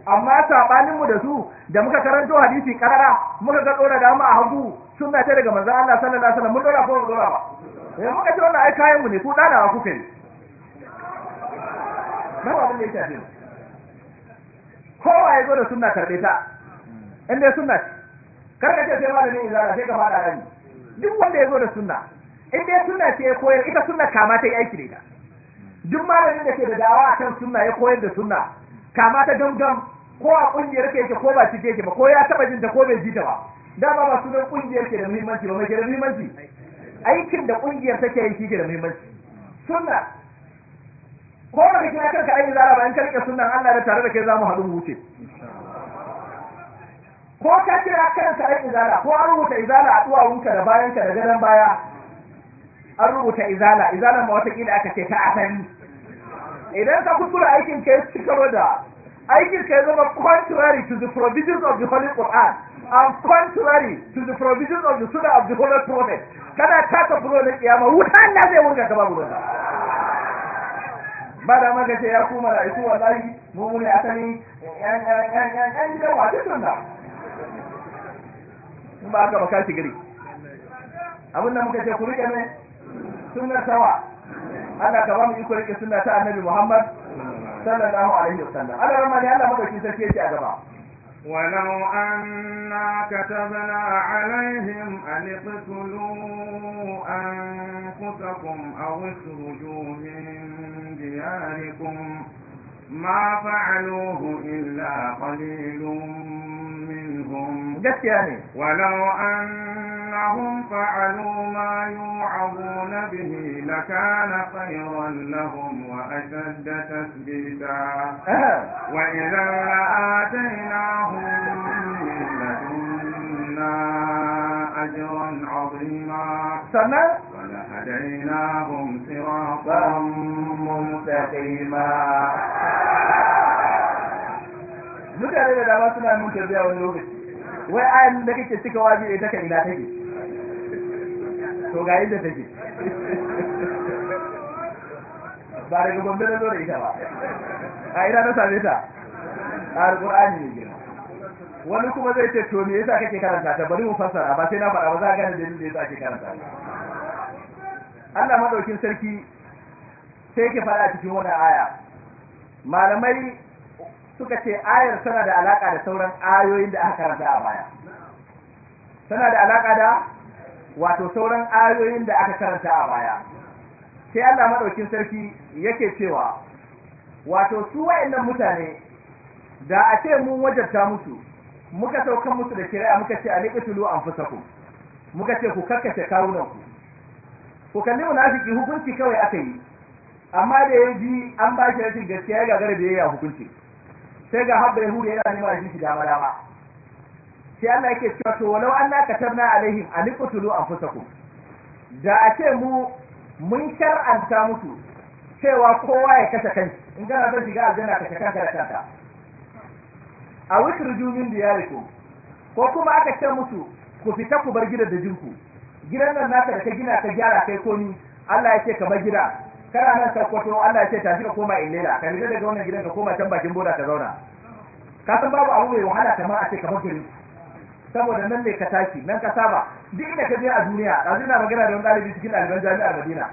amma saɓaninmu da su da muka karanto hadisi karara muka ga ɗora dama a hagu sunna ta daga manzon Allah sallallahu alaihi wasallam mun ɗora ko mun ɗora ba eh muka ce wannan ai kayanmu ne ku ɗanawa kuka yi ba abin da ya shafe kowa ya zo da suna karɓe ta inda dai sunna ce kar ka ce sai malamin izara sai ka faɗa rani duk wanda ya zo da sunna in dai sunna ce ya koyar ita sunna kama ta yi aiki da ita duk malamin da ke da dawa kan sunna ya koyar da sunna kama ta gangan ko a kungiyar ka yake ko ba cike yake ba ko ya taba jinta ko bai ji ta ba dama ba sunan kungiyar ke da muhimmanci ba mai ke da muhimmanci aikin da kungiyar take yi shi ke da muhimmanci sunna ko da ka kira kanka ayi zara ba in karka sunnan Allah da tare da kai zamu haɗu mu wuce ko ka kira kanka aiki zara ko an rubuta izala a duwawunka da bayanka da gadon baya an rubuta izala izala ma watakila aka ce ta asali idan ka kuskura aikin ka ci karo da aikin ka zama contrary to the provisions of the holy quran and contrary to the provisions of the sunnah of the holy prophet kana taka furo na kiyama wutan da zai wurga ka babu wanda ba da maka ce ya ku mala'iku wallahi mu mu ne asali yan yan yan yan yan gidan wa dukkan da in ba aka baka shi gari abin da muka ce ku rike ne sunna tawa Allah ka mu iko rike sunna ta annabi Muhammad sallallahu alaihi wasallam Allah ramani Allah maka madauki sarki yake a gaba ولو أنا كتبنا عليهم أن اقتلوا أنفسكم أو اخرجوا من دياركم ما فعلوه إلا قليل منهم جسياني ولو أنهم فعلوا ما يوعظون به لكان خيرا لهم وأشد تثبيتا آه. وإذا لآتيناهم لدنا أجرا عظيما ولهديناهم صراطا مستقيما mutane da dama suna mun tafiya wani wai ayan da kake cika wajen ita kan ina take to ga inda take ba da gombe na zo ita ba a ina na same ta a alƙur'ani ne gina wani kuma zai ce to me yasa kake karanta ta bari mu fassara ba sai na faɗa ba za a gane da yasa ke karanta Allah madaukin sarki sai ke faɗa cikin wannan aya malamai suka ce ayar tana da alaka da sauran ayoyin da aka karanta a baya tana da alaka da wato sauran ayoyin da aka karanta a baya sai Allah maɗaukin sarki yake cewa wato su wayannan mutane da a ce mun wajabta musu muka saukan musu da kira muka ce aliqtulu anfusakum muka ce ku karkace kawunanku ku kalli munafiki hukunci kawai aka yi amma da ya ji an ba shi rashin gaskiya ya gagara da ya hukunci sai ga habba yahuda yana nema da shi dama dama sai Allah yake cewa to walau anna katabna alaihim an fusa ku da a ce mu mun shar'anta musu cewa kowa ya kashe kai in kana zan shiga aljanna kashe kanka da kanka a wutar jumin diyariku ko kuma aka ce musu ku fita ku bar gidan da jinku gidan nan naka da ta gina ta gyara kai ko ni, Allah ya ce ka bar gida kana nan sakkwato Allah ya ce tafi ka koma illela ka fita daga wannan gidan ka koma can bakin boda ka zauna ka san babu abu mai wahala kamar a ce ka bakin saboda nan ne ka tashi nan ka saba duk inda ka je a duniya ɗazu na magana da wani ɗalibi cikin ɗaliban jami'ar Madina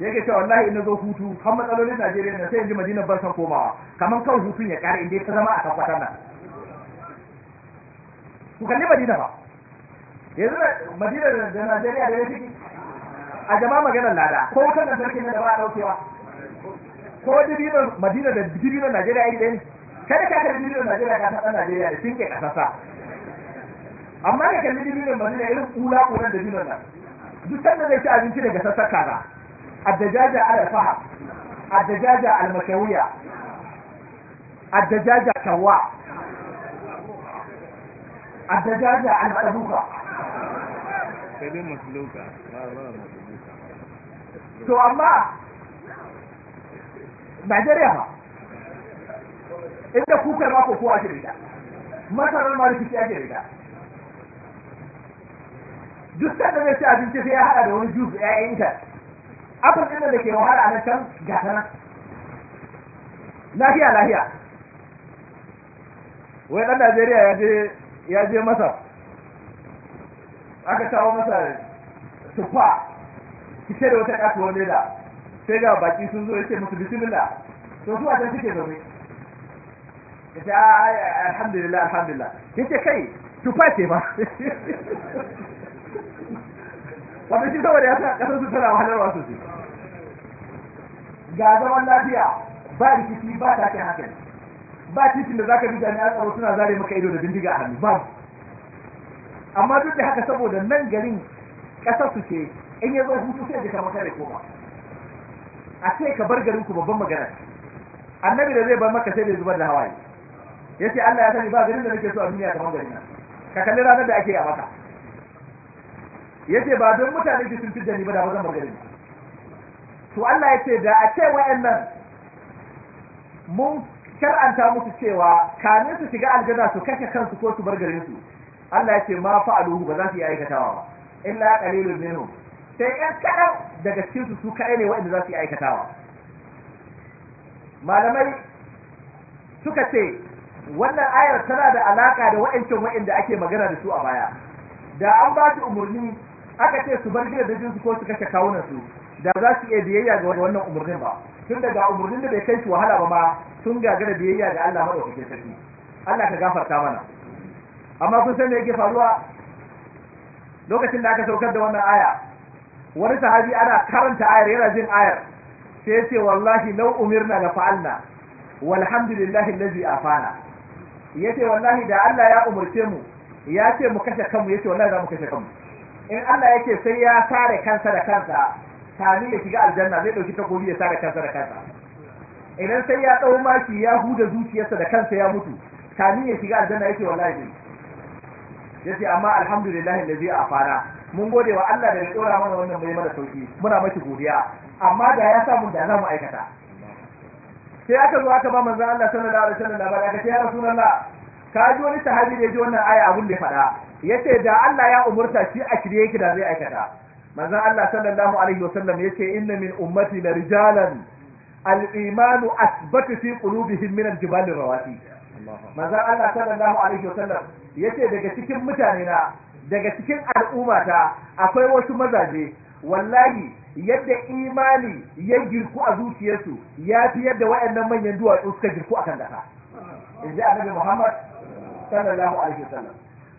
yake cewa wallahi in zo hutu har matsalolin Najeriya na sai in ji Madina ban san komawa kamar kawai hutun ya ƙare inda ta zama a tabbatar nan ku kalli Madina ba yanzu Madina da Najeriya da ya ciki a gaba maganar lada ko wutar da sarki da ba a daukewa ko dibinan madina da dibinan najeriya iri ɗaya kada ka kalli dibinan najeriya ka san najeriya da tinke kasasa amma ka kalli dibinan madina irin kula kuran da dibinan nan duk sanda zai ci abinci daga sassa kaza addajaja ala addajaja al addajaja kawa addajaja al sai dai masluka to amma Najeriya ba inda kukar ma ko kowa ke da masarar ma ake da duk sanda zai ci abinci sai ya hada da wani jus ya yanka abin ɗin da ke wahala a can gata nan lafiya lafiya wai ɗan Najeriya ya je ya je Masar aka kawo masa tufa cike da wata kasuwar leda sai ga baki sun zo ce musu bismillah to su a can suke zaune yace ah, alhamdulillah alhamdulillah ce kai tufa ce ba wanda shi saboda ya sa kasar su tana wasu sosai ga zaman lafiya ba rikici ba kai hakan ba titin da zaka bi jami'a tsaro suna zare maka ido da bindiga a hannu babu amma duk da haka saboda nan garin ƙasar su ce in ya zo hutu sai jika maka da koma a ce ka bar garin ku babban magana annabi da zai bar maka sai da zubar da hawaye Ya ce Allah ya sani ba garin da nake so a duniya kamar garin nan ka kalli ranar da ake a maka ce ba don mutane ki sun da ni ba da bazan bar garin to Allah ya ce da a ce nan mun shar'anta musu cewa kamin su shiga aljanna su kashe kansu ko su bar garin su Allah ce ma fa'aluhu ba za su yi aikatawa ba illa qalilun minhum sai ƴan kaɗan daga cikin su su kaɗai ne waɗanda za su yi aikatawa malamai suka ce wannan ayar tana da alaka da waɗancan waɗanda ake magana da su a baya da an ba su umarni aka ce su bar da su ko su kashe kawunan su da za su iya biyayya ga wannan umarnin ba tun daga umarnin da bai kai su wahala ba ma sun gagara biyayya ga Allah madaukakin sarki Allah ka gafarta mana amma kun san me yake faruwa lokacin da aka saukar da wannan aya wani sahabi ana karanta ayar yana jin ayar sai ya ce wallahi lau umirna la fa'alna walhamdulillahi allazi afana ce, wallahi da Allah ya umurce mu ya ce mu kashe kanmu Ya ce wallahi za mu kashe kanmu in Allah ya ce sai ya sare kansa da kansa kani ya shiga aljanna zai dauki takobi ya sare kansa da kansa idan sai ya dau maki ya huda zuciyarsa da kansa ya mutu kani ya shiga aljanna ya ce wallahi yace amma alhamdulillahi da zai a fara mun gode wa Allah da ya tsora mana wannan bai mana sauki muna maki godiya amma da ya samu da zamu aikata sai aka zo aka ba manzon Allah sallallahu alaihi wasallam labari aka ce ya rasulullah ka ji wani sahabi da ya ji wannan aya abun da faɗa yace da Allah ya umurta shi a shirye yake da zai aikata manzon Allah sallallahu alaihi wasallam yace inna min ummati la rijalan al-imanu asbatu fi qulubihim min al-jibali rawati manzon Allah sallallahu alaihi wasallam yace daga cikin mutane na daga cikin al'ummata akwai wasu mazaje wallahi yadda imani ya girku a zuciyarsu ya fi yadda waɗannan manyan duwatsu suka girku a kan ƙasa in ji annabi muhammad sallallahu alaihi wasallam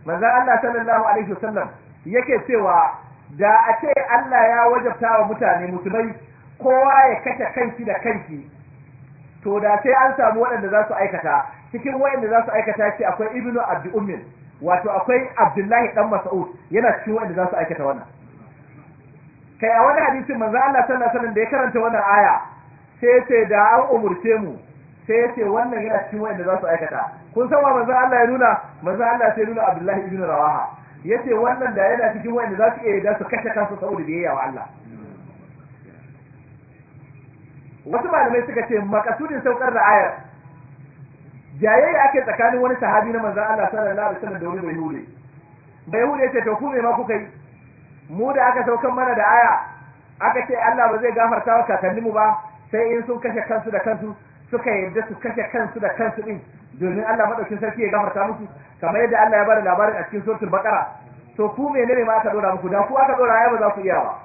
manzon allah sallallahu alaihi wasallam yake cewa da a ce allah ya wajabta wa mutane musulmai kowa ya kashe kanki da kanki to da sai an samu waɗanda za su aikata cikin waɗanda za su aikata ce akwai ibnu abdi ummin wato akwai abdullahi dan mas'ud yana cikin waɗanda za su aikata wannan kai a wani hadisin manzo Allah sallallahu alaihi wasallam da ya karanta wannan aya sai sai da an umurce mu sai sai wannan yana cikin waɗanda za su aikata kun san wa manzo Allah ya nuna manzo Allah sai nuna abdullahi ibnu rawaha yace wannan da yana cikin waɗanda za su iya da su kashe kansu saboda biyayya wa Allah wasu malamai suka ce makasudin saukar da ayar jayayya ake tsakanin wani sahabi na manzan Allah sallallahu alaihi wasallam da wani bai hude bai hude ce to ku me ma kuka yi mu da aka saukar mana da aya aka ce Allah ba zai gafarta wa kakanninmu ba sai in sun kashe kansu da kansu suka yarda su kashe kansu da kansu din domin Allah madaukin sarki ya gafarta musu kamar yadda Allah ya bada labarin a cikin suratul baqara to ku menene ma aka dora muku da ku aka dora aya ba za ku iya ba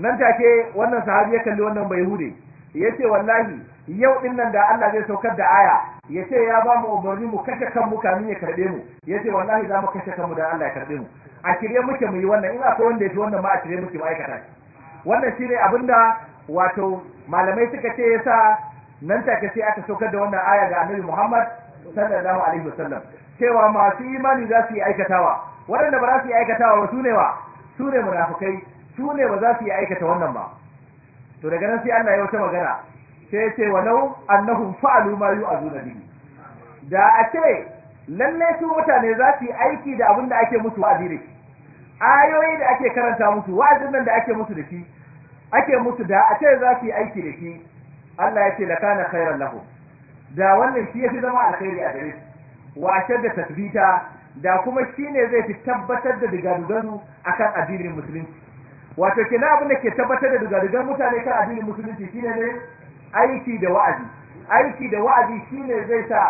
nan take wannan sahabi ya kalli wannan bai hude ya ce wallahi yau din nan da Allah zai saukar da aya ya ce ya ba mu umarni mu kashe kanmu kamin ya karbe mu yace wallahi za mu kashe kanmu da Allah ya karbe mu a kire muke mu yi wannan in akwai wanda ya fi wannan ma a kire muke mu aikata wannan shine abinda wato malamai suka ce yasa nan take sai aka saukar da wannan aya ga Annabi Muhammad sallallahu alaihi wasallam cewa masu imani za su yi aikatawa waɗanda ba za su yi aikatawa ba su ne wa su ne munafukai su ne ba za su yi aikata wannan ba to daga nan sai Allah ya wata magana sai ce walau annahum fa'alu ma yu'azuna bihi da a ce lalle su mutane za su yi aiki da abin da ake musu wa'azi da shi ayoyi da ake karanta musu wa'azin nan da ake musu da shi ake musu da a ce za su yi aiki da shi Allah ya ce lakana khairan lahum da wannan shi yafi zama alkhairi a gare su wa da tasbita da kuma shine zai fi tabbatar da digadugaru akan addinin musulunci wato kenan abin da ke tabbatar da dugadugar mutane kan addinin musulunci shine ne aiki da wa'azi aiki da wa'azi shine zai sa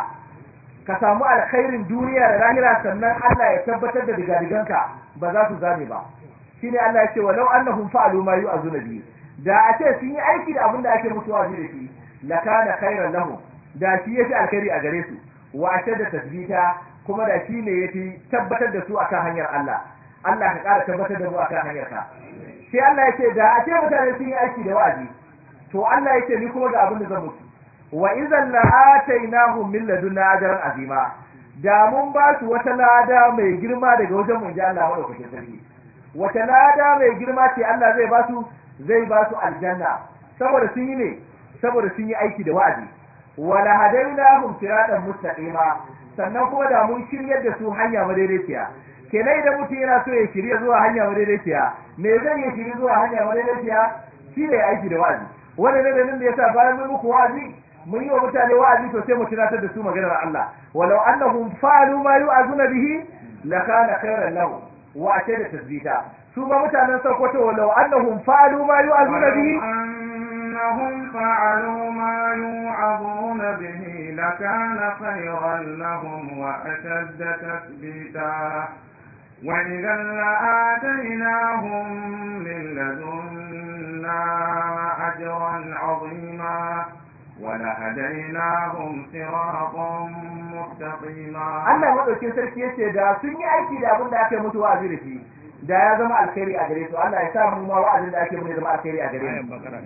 ka samu alkhairin duniya da lahira sannan Allah ya tabbatar da ka ba za su zame ba shine Allah ya ce walau annahum fa'alu ma yu'azuna biyu. da a ce sun yi aiki da abin da ake musu wa'azi da shi lakana khairan lahum da shi ya fi alkhairi a gare su wa da tasbita kuma da shi ne fi tabbatar da su akan hanyar Allah Allah ka ƙara tabbatar da mu akan hanyar ka sai Allah ya ce da a ce mutane sun yi aiki da wa'azi to Allah ya ce ni kuma ga abin da zan mutu. wa idan la min ladunna ajran azima da mun ba su wata lada mai girma daga wajen mu ji Allah wa sarki wata lada mai girma ce Allah zai ba su zai ba su aljanna saboda sun yi ne saboda sun yi aiki da wa'azi wa la hadainahum siratan mustaqima sannan kuma da mun shiryar da su hanya madaidaiciya kenan da mutum yana so ya shirya zuwa hanya madaidaiciya me zan ya shirya zuwa hanya madaidaiciya shi ne aiki da wa'azi wanda dalilin da nan da yasa bayan mun muku wa'azi mun yi wa mutane wa'azi to sai mu tunatar da su maganar Allah walau annahum fa'alu ma yu'azuna bihi lakana khairan lahu, wa da tasbita su ba mutanen Sokoto walau annahum fa'alu ma yu'azuna bihi إنهم فعلوا bihi? Lakana به لكان خيرا لهم da تثبيتا وإذا لآتيناهم من لدنا أجرا عظيما ولهديناهم صراطا مستقيما الله ما دوكي سركي yace da sun yi aiki da abin da aka mutu a da shi da ya zama alkhairi a gare Allah ya sa mu ma da ake mutu a gare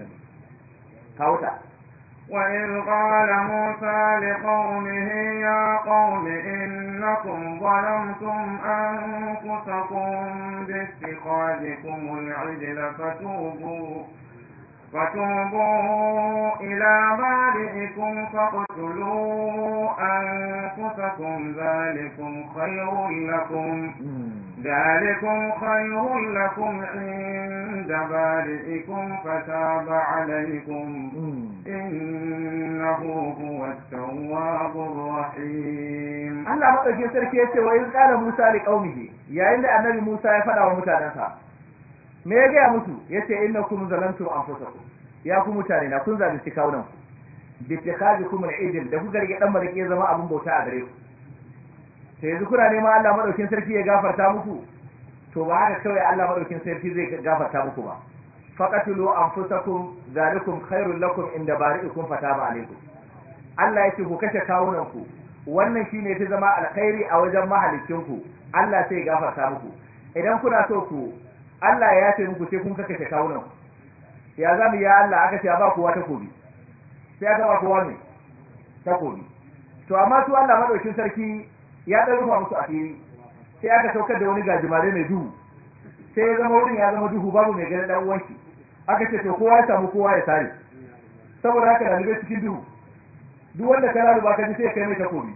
وإذ قال موسى لقومه يا قوم إنكم ظلمتم أنفسكم باتخاذكم العجل فتوبوا وتوبوا إلى بارئكم فاقتلوا أنفسكم ذلكم خير لكم ذلكم خير لكم عند بارئكم فتاب عليكم إنه هو التواب الرحيم الله مقدس يسرك يسوى وإذ قال موسى لقومه يا إلا النبي موسى يفنى ومتى نفى me ya gaya musu yace innakum zalantum anfusakum ya ku mutane na kun zalunci kawunan ku bi tikhadukum al-idil da kuka rike dan marike zama abin bauta a gare ku sai yanzu kuna neman Allah madaukin sarki ya gafarta muku to ba haka kawai Allah madaukin sarki zai gafarta muku ba faqatulu anfusakum zalikum khairul lakum inda bari'ikum fataba alaikum Allah ya ce ku kashe kawunan ku wannan shine ta zama alkhairi a wajen mahalicin ku Allah sai gafarta muku idan kuna so ku Allah ya ce muku sai kun kaka ta kawo nan ya za mu ya Allah aka ce ba kowa takobi sai aka ba kowa ne takobi to amma su Allah madaukin sarki ya dan rufa musu asiri sai aka saukar da wani gajimare mai duhu sai ya zama wurin ya zama duhu babu mai ganin dan uwanki aka ce to kowa ya samu kowa ya sare. saboda haka dalibai cikin duhu duk wanda ka rabu ba ka ji sai kai mai takobi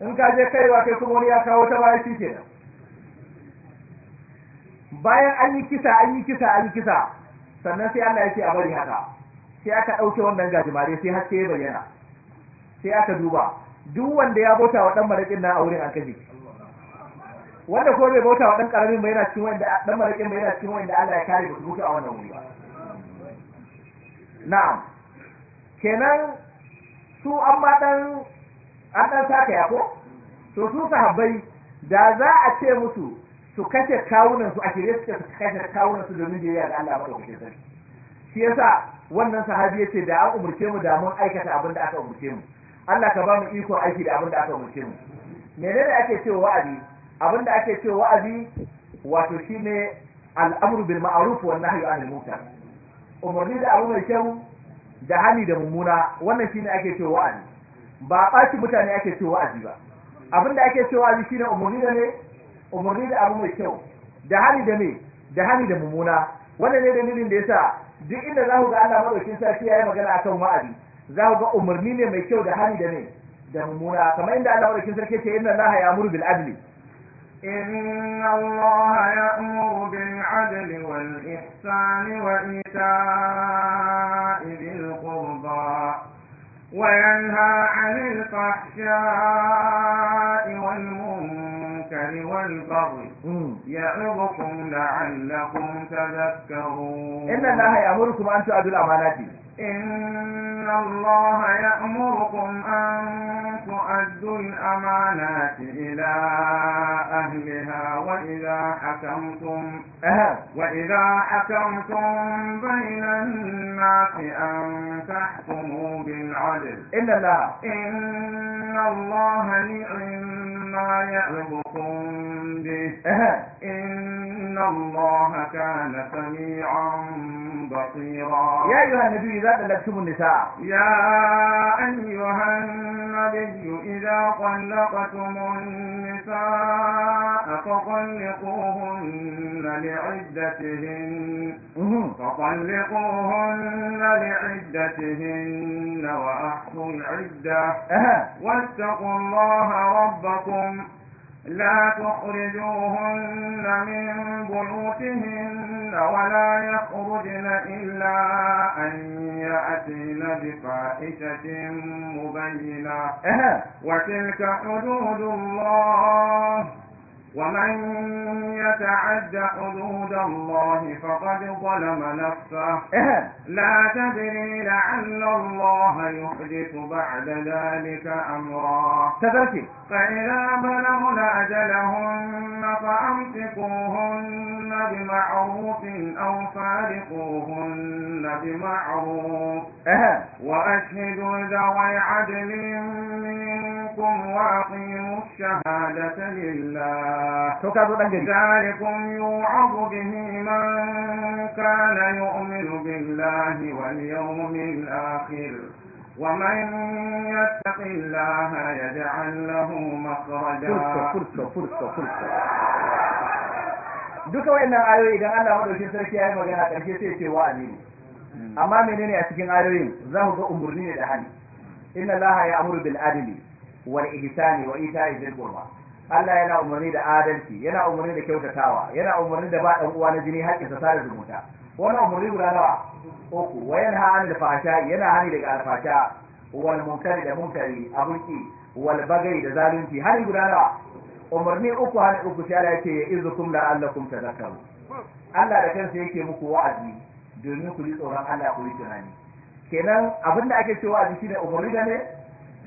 in ka je kaiwa kai kuma wani ya kawo ta baya shi kenan bayan an yi kisa an yi kisa an yi kisa sannan sai Allah ya ce a bari haka sai aka dauke wannan gajimare sai haske ya bayyana sai aka duba duk wanda ya bauta wa ɗan maraƙin na a wurin an kashe wanda ko bai bauta wa ɗan karamin bai yana cikin wanda dan maraƙin bai yana cikin wanda Allah ya kare da su a wannan wuri na'am kenan su an ma an ɗan saka ya ko to su sahabbai da za a ce musu su kashe kawunan su a shirye suka su kashe kawunan su domin biyayya ga Allah kuke sarki shi yasa wannan sahabi yace da an umurce mu da mun aikata abin da aka umurce mu Allah ka ba mu iko aiki da abin da aka umurce mu menene ake cewa wa'azi abin da ake cewa wa'azi wato shine al'amru bil ma'ruf wan nahyu anil munkar umarni da abu mai kyau da hani da mummuna wannan shine ake cewa wa'azi ba ɓaci mutane ake cewa wa'azi ba abin da ake cewa wa'azi shine umarni da ne umarni da abu mai kyau da hali da me da hali da mummuna wannan ne dalilin da yasa duk inda za ku ga Allah madaukin sarki ya yi magana akan wa'azi za ku ga umarni ne mai kyau da hali da me da mummuna kamar inda Allah madaukin sarki ce inna Allah ya'muru bil adli إن الله يأمر بالعدل والإحسان وإيتاء ذي القربى وينهى عن الفحشاء والمنكر والمنكر والبر يعظكم لعلكم تذكرون إن الله يأمركم أن تؤدوا الأمانات إن الله يأمركم أن تؤدوا الأمانات إلى أهلها وإذا حكمتم وإذا حكمتم بين الناس أن تحكموا بالعدل إن الله إن الله نعم ما يعظكم فاحكم به إن الله كان سميعا بصيرا يا أيها النبي إذا طلقتم النساء يا أيها النبي إذا طلقتم النساء فطلقوهن لعدتهن فطلقوهن لعدتهن وأحصوا العدة واتقوا الله ربكم لا تخرجوهن من بيوتهن ولا يخرجن إلا أن يأتين بفائشة مبينة وتلك حدود الله ومن يتعد حدود الله فقد ظلم نفسه لا تدري لعل الله يحدث بعد ذلك أمرا فإذا بلغن أجلهن فأمسكوهن بمعروف أو فارقوهن بمعروف وأشهدوا ذوي عدل منكم ربكم وأقيموا الشهادة لله ذلكم يوعظ به من كان يؤمن بالله واليوم الآخر ومن يتق الله يجعل له مخرجا فرصة فرصة فرصة duka wayannan ayoyi idan Allah madaukin sarki ya yi magana karshe sai ce wa'azi amma menene a cikin ayoyin za ku ga umurni ne da hali inna allaha ya'muru bil adli wal ihsani wa ita'i dhil qurba Allah yana umarni da adalci yana umarni da kyautatawa yana umarni da ba dan uwa na jini haƙƙin sa sada zumunta wannan umarni guda nawa uku wa yanha da fasha yana hani daga alfasha wal munkari da munkari abuki wal bagai da zalunci hani guda nawa umarni uku hani uku sai Allah yake ya la allakum tadhakkaru Allah da kansa yake muku wa'azi domin ku ji tsoron Allah ku yi tunani kenan abin da ake cewa a jiki da umarni da ne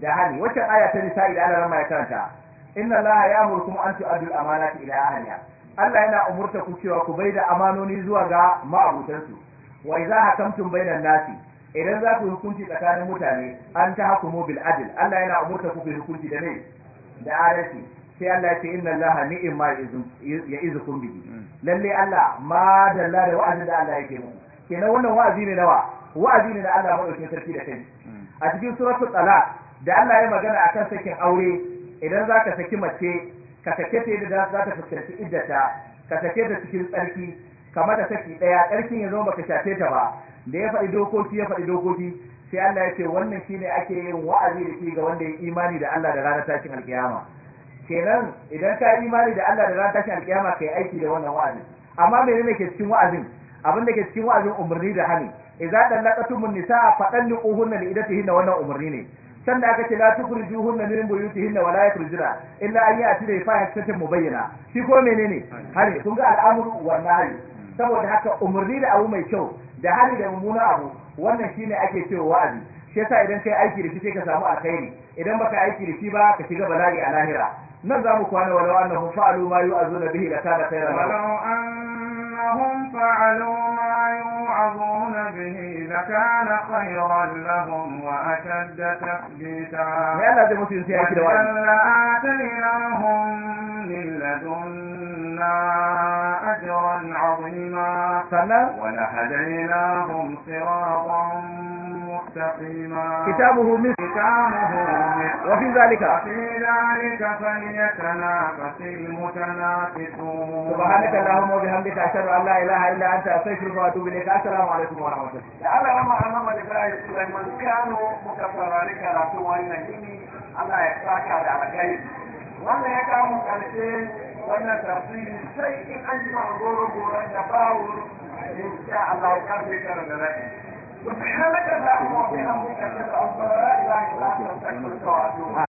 da wacce aya ta nisa ila Allah ma ya karanta inna Allah ya an tu'addu al-amanati ila ahliha Allah yana umurta ku cewa ku bai da amanoni zuwa ga ma'abutansu wa idza hakamtum bainan nasi idan za ku hukunci tsakanin mutane an ta hakumu bil adl Allah yana umurta ku hukunci da ne da adalci sai Allah ya ce inna Allah ni'ma ya kun bihi hmm. lalle Allah ma dalla da wa'azin da Allah yake muku kenan wannan wa'azi ne nawa wa'azi ne da Allah madaukakin sarki da kai hmm. a cikin suratul talaq da Allah ya magana a kan sakin aure idan za ka saki mace ka sake ta yadda za ta fuskanci iddata ka sake ta cikin tsarki ka mata saki ɗaya tsarkin ya zama ka shafe ta ba da ya faɗi dokoki ya faɗi dokoki sai Allah ya ce wannan shine ake yin wa'azi da shi ga wanda ya imani da Allah da ranar tashin alkiyama kenan idan ka imani da Allah da ranar tashin alkiyama kai aiki da wannan wa'azi amma me ne ke cikin wa'azin abin da ke cikin wa'azin umarni da hani idza dallaqatum an-nisaa fadalliquhunna li iddatihinna wannan umarni ne can da aka ce la tukhrijuhunna min buyutihinna wa la yakhrujuna illa an ya'ti bi mu mubayyana shi ko ne, hari kun ga al'amuru wa nahi saboda haka umarni da abu mai kyau da hari da mummuna abu wannan shine ake cewa wa'azi shi yasa idan kai aiki da shi sai ka samu alkhairi idan baka aiki da shi ba ka shiga bala'i a lahira nan za mu kwana walau annahum fa'alu ma yu'azuna bihi da khayran lahum أنهم فعلوا ما يوعظون به لكان خيرا لهم وأشد تثبيتا وإن لآتيناهم من لدنا أجرا عظيما ولهديناهم صراطا مستقيما كتابه مثل كتابه مثل وفي ذلك وفي ذلك فليتنافس المتنافسون سبحانك اللهم وبحمدك أشهد أشهد أن لا إله إلا أنت أستغفرك وأتوب إليك السلام عليكم ورحمة الله. لعل رمى محمد إبراهيم سليمان كانوا مكفرين كراتو وإن جيني أنا يحتاج على الخير. وأنا يكام كالتين وأنا تفصيل شيء أجمع غورو غورو تفاور إن شاء الله كان في كرنك. سبحانك اللهم وبحمدك أشهد أن لا إله إلا أنت وأتوب